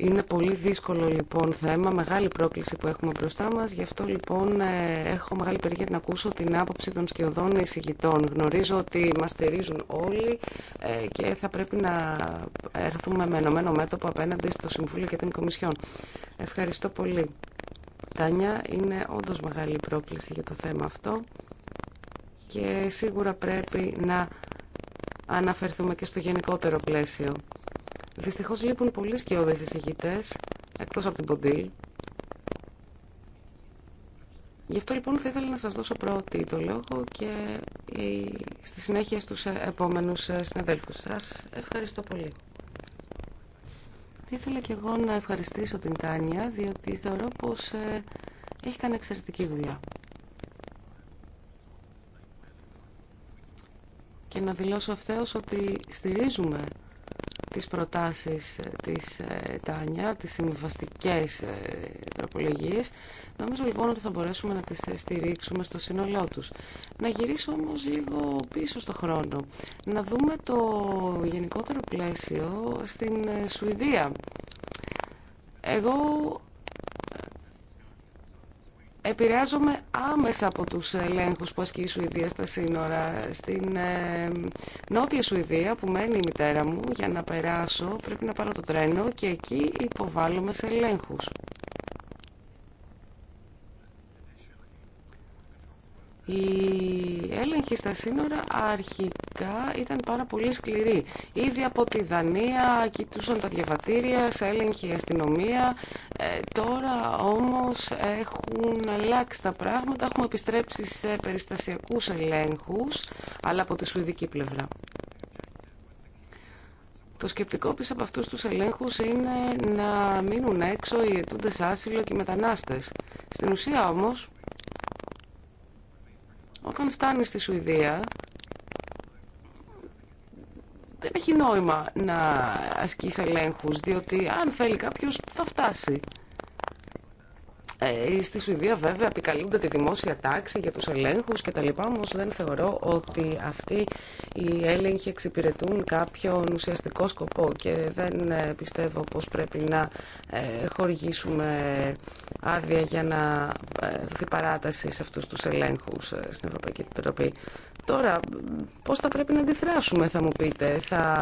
[SPEAKER 2] Είναι πολύ δύσκολο λοιπόν θέμα, μεγάλη πρόκληση που έχουμε μπροστά μας, γι' αυτό λοιπόν ε, έχω μεγάλη περιέργεια να ακούσω την άποψη των σκιωδών εισηγητών. Γνωρίζω ότι μας στηρίζουν όλοι ε, και θα πρέπει να έρθουμε με ενωμένο μέτωπο απέναντι στο Συμβούλιο και την Κομισιόν. Ευχαριστώ πολύ. Τάνια, είναι όντω μεγάλη πρόκληση για το θέμα αυτό και σίγουρα πρέπει να αναφερθούμε και στο γενικότερο πλαίσιο Δυστυχώς λείπουν πολλοί σκιώδες εισηγητές, εκτός από την Ποντήλ. Γι' αυτό λοιπόν θα ήθελα να σας δώσω πρώτη το λόγο και στη συνέχεια στους επόμενους συναδέλφου. σας. Ευχαριστώ πολύ. Θα ήθελα και εγώ να ευχαριστήσω την Τάνια, διότι θεωρώ πως ε, έχει κάνει εξαιρετική δουλειά. Και να δηλώσω ευθέως ότι στηρίζουμε τις προτάσεις ε, της ε, Τάνια, τις συμβαστικέ ε, τροπολογίες. Νομίζω λοιπόν ότι θα μπορέσουμε να τις στηρίξουμε στο σύνολό τους. Να γυρίσω όμως λίγο πίσω στο χρόνο. Να δούμε το γενικότερο πλαίσιο στην Σουηδία. Εγώ επηρεάζομαι άμεσα από τους ελέγχους που ασκεί η Σουηδία στα σύνορα. Στην ε, νότια Σουηδία που μένει η μητέρα μου για να περάσω πρέπει να πάρω το τρένο και εκεί υποβάλλομαι σε ελέγχους. Οι έλεγχοι στα σύνορα αρχικά ήταν πάρα πολύ σκληρή. Ήδη από τη Δανία κοιτούσαν τα διαβατήρια, σε έλεγχη αστυνομία. Ε, τώρα όμως έχουν αλλάξει τα πράγματα, έχουμε επιστρέψει σε περιστασιακούς ελέγχους, αλλά από τη σουηδική πλευρά. Το σκεπτικό πίσω από αυτούς τους ελέγχους είναι να μείνουν έξω οι αιτούντες άσυλο και οι μετανάστες. Στην ουσία όμως, όταν φτάνει στη Σουηδία, δεν έχει νόημα να ασκείς ελέγχους, διότι αν θέλει κάποιος θα φτάσει. Ε, στη Σουηδία βέβαια επικαλούνται τη δημόσια τάξη για τους ελέγχους και τα λοιπά, όμως δεν θεωρώ ότι αυτοί οι έλεγχοι εξυπηρετούν κάποιον ουσιαστικό σκοπό και δεν ε, πιστεύω πως πρέπει να ε, χορηγήσουμε άδεια για να ε, δοθεί παράταση σε αυτούς τους ελέγχους στην Ευρωπαϊκή Επιτροπή. Τώρα, πώς θα πρέπει να αντιθράσουμε θα μου πείτε, θα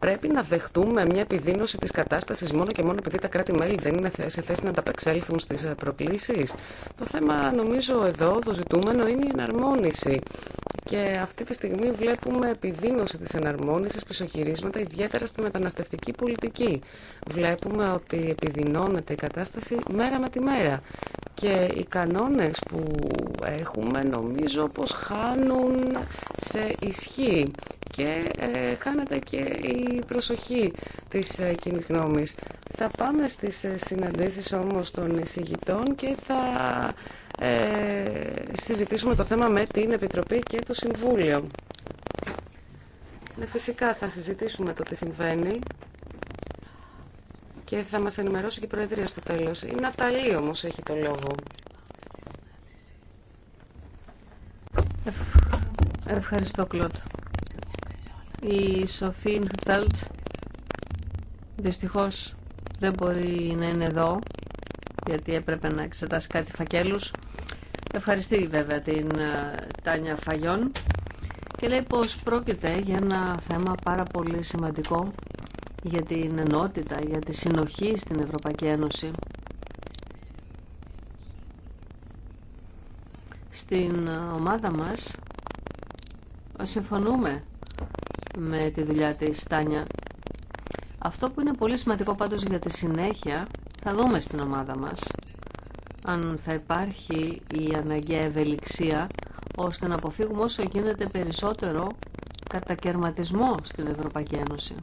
[SPEAKER 2] πρέπει να δεχτούμε μια επιδείνωση της κατάστασης μόνο και μόνο επειδή τα κράτη-μέλη δεν είναι σε θέση να ανταπεξέλθουν στις ε, προκλήσεις. Το θέμα νομίζω εδώ, το ζητούμενο είναι η εναρμόνιση. Και αυτή τη στιγμή βλέπουμε επιδείνωση της εναρμόνισης, πισωχυρίσματα, ιδιαίτερα στη μεταναστευτική πολιτική. Βλέπουμε ότι επιδεινώνεται η κατάσταση μέρα με τη μέρα. Και οι κανόνες που έχουμε νομίζω πως χάνουν σε ισχύ και χάνεται ε, και η προσοχή της ε, κοινή γνώμης. Θα πάμε στις ε, συναντήσεις όμως των εισηγητών και θα συζητήσουμε το θέμα με την Επιτροπή και το Συμβούλιο. Ναι, φυσικά θα συζητήσουμε το τι συμβαίνει και θα μας ενημερώσει και η Προεδρία στο τέλος. Η Ναταλή όμως έχει το
[SPEAKER 3] λόγο. Ευχαριστώ, Κλωτ. Η Σοφίν Φελτ δυστυχώς δεν μπορεί να είναι εδώ γιατί έπρεπε να εξετάσει κάτι φακέλους. Ευχαριστεί βέβαια την ε, Τάνια Φαγιόν και λέει πως πρόκειται για ένα θέμα πάρα πολύ σημαντικό για την ενότητα, για τη συνοχή στην Ευρωπαϊκή Ένωση. Στην ε, ομάδα μας ε, συμφωνούμε με τη δουλειά της Τάνια. Αυτό που είναι πολύ σημαντικό πάντως για τη συνέχεια θα δούμε στην ομάδα μας αν θα υπάρχει η αναγκαία ευελιξία ώστε να αποφύγουμε όσο γίνεται περισσότερο κατακαιρματισμό στην Ευρωπαϊκή Ένωση.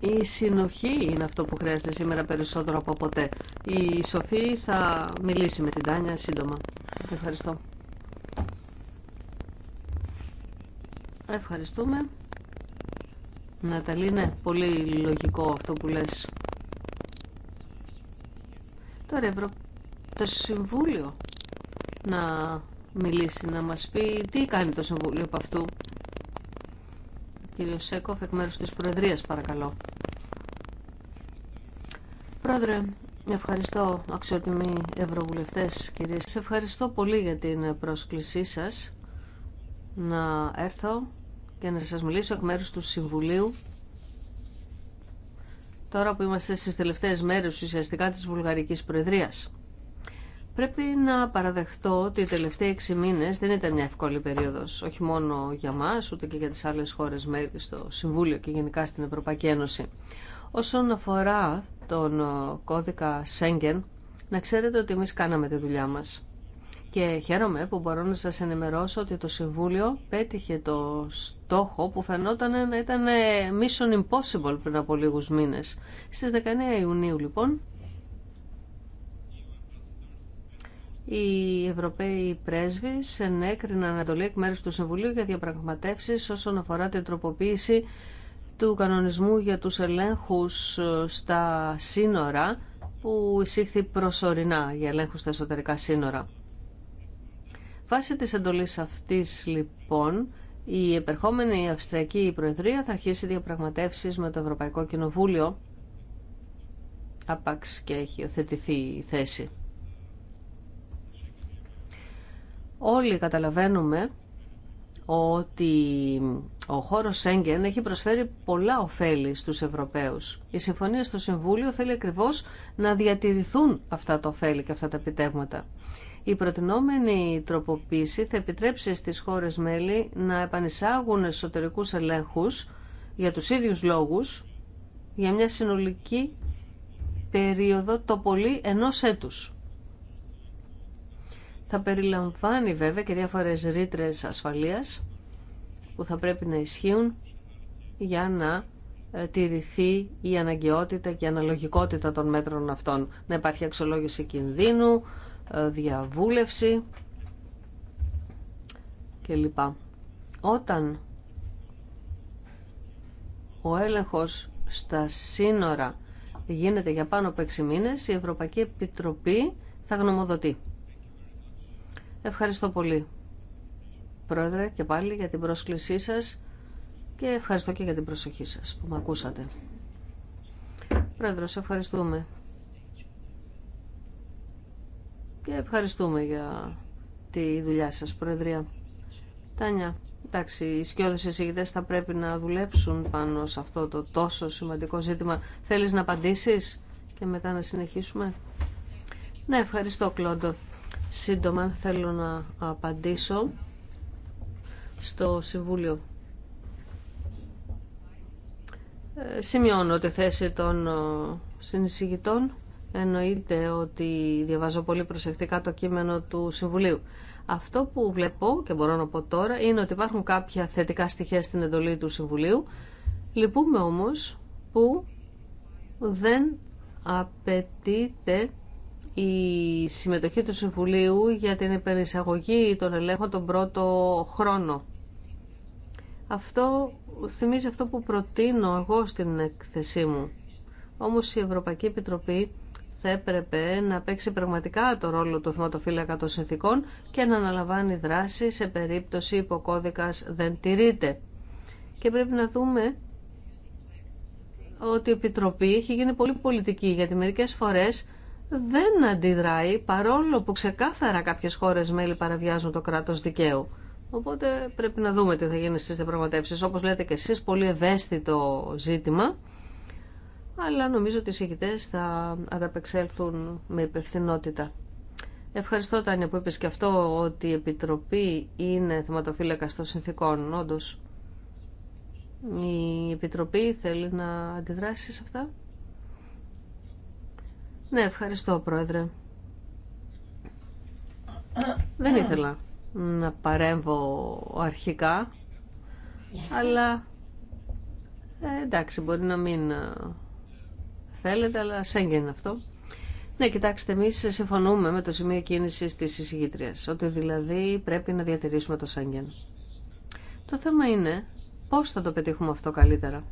[SPEAKER 3] Η συνοχή είναι αυτό που χρειάζεται σήμερα περισσότερο από ποτέ. Η Σοφή θα μιλήσει με την Τάνια σύντομα. Ευχαριστώ. Ευχαριστούμε. Ναταλή, ναι, πολύ λογικό αυτό που λες. Τώρα Ευρω... το Συμβούλιο να μιλήσει, να μας πει τι κάνει το Συμβούλιο από αυτού. Κύριο Σέκοφ, εκ μέρους της Προεδρίας, παρακαλώ. Πρόεδρε, ευχαριστώ αξιότιμοι ευρωβουλευτές, κυρίες. Σας ευχαριστώ πολύ για την πρόσκλησή σας να έρθω και να σας μιλήσω εκ μέρους του Συμβουλίου τώρα που είμαστε στις τελευταίες μέρες ουσιαστικά της Βουλγαρικής Προεδρίας. Πρέπει να παραδεχτώ ότι οι τελευταίοι έξι μήνες δεν ήταν μια εύκολη περίοδος, όχι μόνο για μας, ούτε και για τις άλλες χώρες μέλη στο Συμβούλιο και γενικά στην Ευρωπαϊκή Ένωση. Όσον αφορά τον ε, κώδικα Σέγγεν, να ξέρετε ότι εμείς κάναμε τη δουλειά μας και χαίρομαι που μπορώ να σας ενημερώσω ότι το Συμβούλιο πέτυχε το στόχο που φαινόταν να ήταν mission impossible πριν από λίγους μήνες. Στις 19 Ιουνίου λοιπόν οι Ευρωπαίοι πρέσβοι ενέκριναν ανατολή εκ μέρους του Συμβουλίου για διαπραγματεύσεις όσον αφορά την τροποποίηση του κανονισμού για τους ελέγχους ε, στα σύνορα που εισήχθη προσωρινά για ελέγχους στα εσωτερικά σύνορα. Βάσει της εντολής αυτής λοιπόν, η επερχόμενη Αυστριακή Προεδρία θα αρχίσει διαπραγματεύσεις με το Ευρωπαϊκό Κοινοβούλιο, άπαξ και έχει οθετηθεί η θέση. Όλοι καταλαβαίνουμε ότι ο χώρος Σέγγεν έχει προσφέρει πολλά ωφέλη στους Ευρωπαίους. Η συμφωνία στο Συμβούλιο θέλει ακριβώς να διατηρηθούν αυτά τα ωφέλη και αυτά τα επιτεύγματα. Η προτινόμενη τροποποίηση θα επιτρέψει στις χώρες μέλη να επανισάγουν εσωτερικούς ελέγχους για τους ίδιους λόγους για μια συνολική περίοδο το πολύ ενός έτους. Θα περιλαμβάνει βέβαια και διάφορες ρήτρε ασφαλείας που θα πρέπει να ισχύουν για να ε, τηρηθεί η αναγκαιότητα και η αναλογικότητα των μέτρων αυτών. Να υπάρχει αξιολόγηση κινδύνου, ε, διαβούλευση λοιπά. Όταν ο έλεγχος στα σύνορα γίνεται για πάνω από 6 μήνες, η Ευρωπαϊκή Επιτροπή θα γνωμοδοτεί. Ευχαριστώ πολύ, Πρόεδρε, και πάλι για την πρόσκλησή σας και ευχαριστώ και για την προσοχή σας που με ακούσατε. Πρόεδρος, ευχαριστούμε και ευχαριστούμε για τη δουλειά σας, Προεδρία. Τάνια, εντάξει, οι σκιώδες εισηγητές θα πρέπει να δουλέψουν πάνω σε αυτό το τόσο σημαντικό ζήτημα. Θέλεις να απαντήσεις και μετά να συνεχίσουμε. Ναι, ευχαριστώ, Κλόντο. Σύντομα θέλω να απαντήσω στο Συμβούλιο. Ε, σημειώνω τη θέση των ε, συνεισηγητών εννοείται ότι διαβάζω πολύ προσεκτικά το κείμενο του Συμβουλίου. Αυτό που βλέπω και μπορώ να πω τώρα είναι ότι υπάρχουν κάποια θετικά στοιχεία στην εντολή του Συμβουλίου. Λυπούμε όμως που δεν απαιτείται η συμμετοχή του Συμβουλίου για την υπερεισαγωγή των ελέγχων τον πρώτο χρόνο. Αυτό θυμίζει αυτό που προτείνω εγώ στην εκθεσή μου. Όμως η Ευρωπαϊκή Επιτροπή θα έπρεπε να παίξει πραγματικά το ρόλο του θεματοφύλακα των συνθήκων και να αναλαμβάνει δράση σε περίπτωση που ο δεν τηρείται. Και πρέπει να δούμε ότι η Επιτροπή έχει γίνει πολύ πολιτική, γιατί μερικές φορές δεν αντιδράει, παρόλο που ξεκάθαρα κάποιες χώρες μέλη παραβιάζουν το κράτος δικαίου. Οπότε πρέπει να δούμε τι θα γίνει στις διαπραγματεύσεις. Όπως λέτε και εσείς, πολύ ευαίσθητο ζήτημα αλλά νομίζω ότι οι συγκητές θα ανταπεξέλθουν με υπευθυνότητα. Ευχαριστώ, Τάνια, που είπες και αυτό ότι η Επιτροπή είναι θεματοφύλακα των συνθήκων, όντω. Η Επιτροπή θέλει να αντιδράσει σε αυτά. Ναι, ευχαριστώ, Πρόεδρε. Δεν ήθελα να παρέμβω αρχικά, αλλά ε, εντάξει, μπορεί να μην ε, θέλετε, αλλά σέγγεν αυτό. Ναι, κοιτάξτε, εμεί συμφωνούμε με το σημείο κίνηση τη εισηγήτρια. Ότι δηλαδή πρέπει να διατηρήσουμε το Σέγγεν. Το θέμα είναι πώ θα το πετύχουμε αυτό καλύτερα.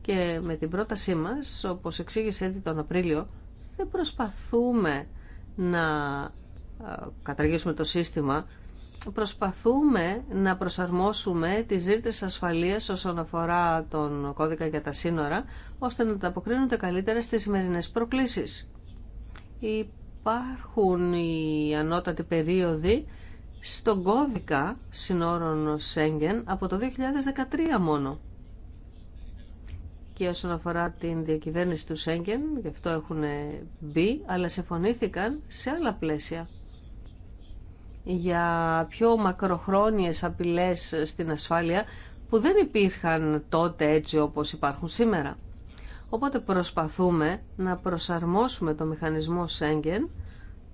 [SPEAKER 3] Και με την πρότασή μα, όπω εξήγησε έτσι τον Απρίλιο, δεν προσπαθούμε να καταργήσουμε το σύστημα προσπαθούμε να προσαρμόσουμε τις ρήτρες ασφαλείας όσον αφορά τον κώδικα για τα σύνορα, ώστε να τα αποκρίνονται καλύτερα στις σημερινέ προκλήσεις. Υπάρχουν οι ανώτατοι περίοδοι στον κώδικα σύνορων Σέγγεν από το 2013 μόνο. Και όσον αφορά την διακυβέρνηση του Σέγγεν, γι' αυτό έχουν μπει, αλλά συμφωνήθηκαν σε άλλα πλαίσια για πιο μακροχρόνιες απειλές στην ασφάλεια που δεν υπήρχαν τότε έτσι όπως υπάρχουν σήμερα. Οπότε προσπαθούμε να προσαρμόσουμε το μηχανισμό Σέγγεν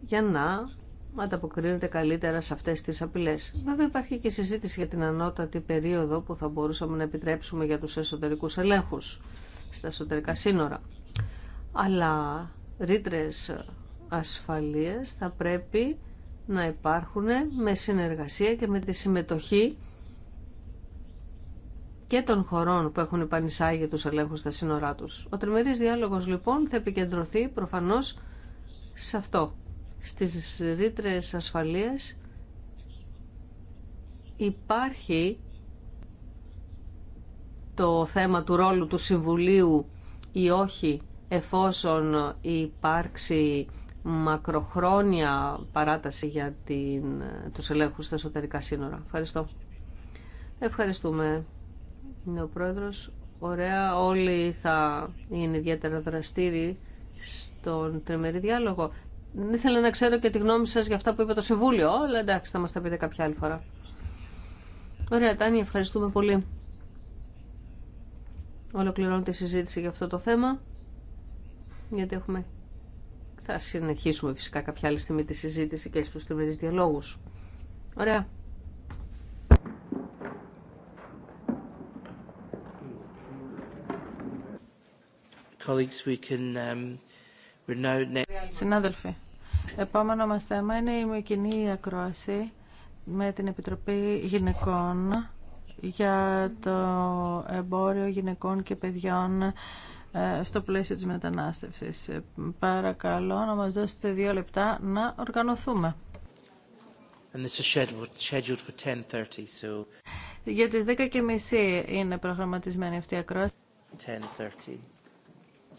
[SPEAKER 3] για να ανταποκρίνεται καλύτερα σε αυτές τις απειλές. Βέβαια υπάρχει και συζήτηση για την ανώτατη περίοδο που θα μπορούσαμε να επιτρέψουμε για τους εσωτερικούς ελέγχους στα εσωτερικά σύνορα. Αλλά ρήτρες ασφαλείας θα πρέπει να υπάρχουν με συνεργασία και με τη συμμετοχή και των χωρών που έχουν επανεισάγει τους ελέγχους στα σύνορά τους. Ο τριμερής διάλογος λοιπόν θα επικεντρωθεί προφανώς σε αυτό, στις ρήτρε ασφαλείας υπάρχει το θέμα του ρόλου του Συμβουλίου ή όχι εφόσον υπάρξει μακροχρόνια παράταση για την, τους ελέγχους στα εσωτερικά σύνορα. Ευχαριστώ. Ευχαριστούμε. Είναι ο Πρόεδρος. Ωραία. Όλοι θα είναι ιδιαίτερα δραστήριοι στον τριμερή διάλογο. Δεν ήθελα να ξέρω και τη γνώμη σας για αυτά που είπε το Συμβούλιο, αλλά εντάξει, θα μας τα πείτε κάποια άλλη φορά. Ωραία, Τάνη. ευχαριστούμε πολύ. Ολοκληρώνω τη συζήτηση για αυτό το θέμα, γιατί έχουμε θα συνεχίσουμε φυσικά κάποια άλλη στιγμή τη συζήτηση και στους τριμερείς διαλόγους. Ωραία.
[SPEAKER 1] Um, Συνάδελφοι, επόμενο μας θέμα είναι η κοινή ακρόαση με την Επιτροπή Γυναικών για το εμπόριο γυναικών και παιδιών ε, στο πλαίσιο της μετανάστευσης. Ε, παρακαλώ να μας δώσετε δύο λεπτά να οργανωθούμε. And this scheduled for Για τις 10.30 είναι προγραμματισμένη αυτή η ακρόαση. 10.30.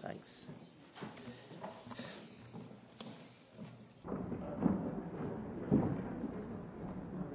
[SPEAKER 1] Thanks.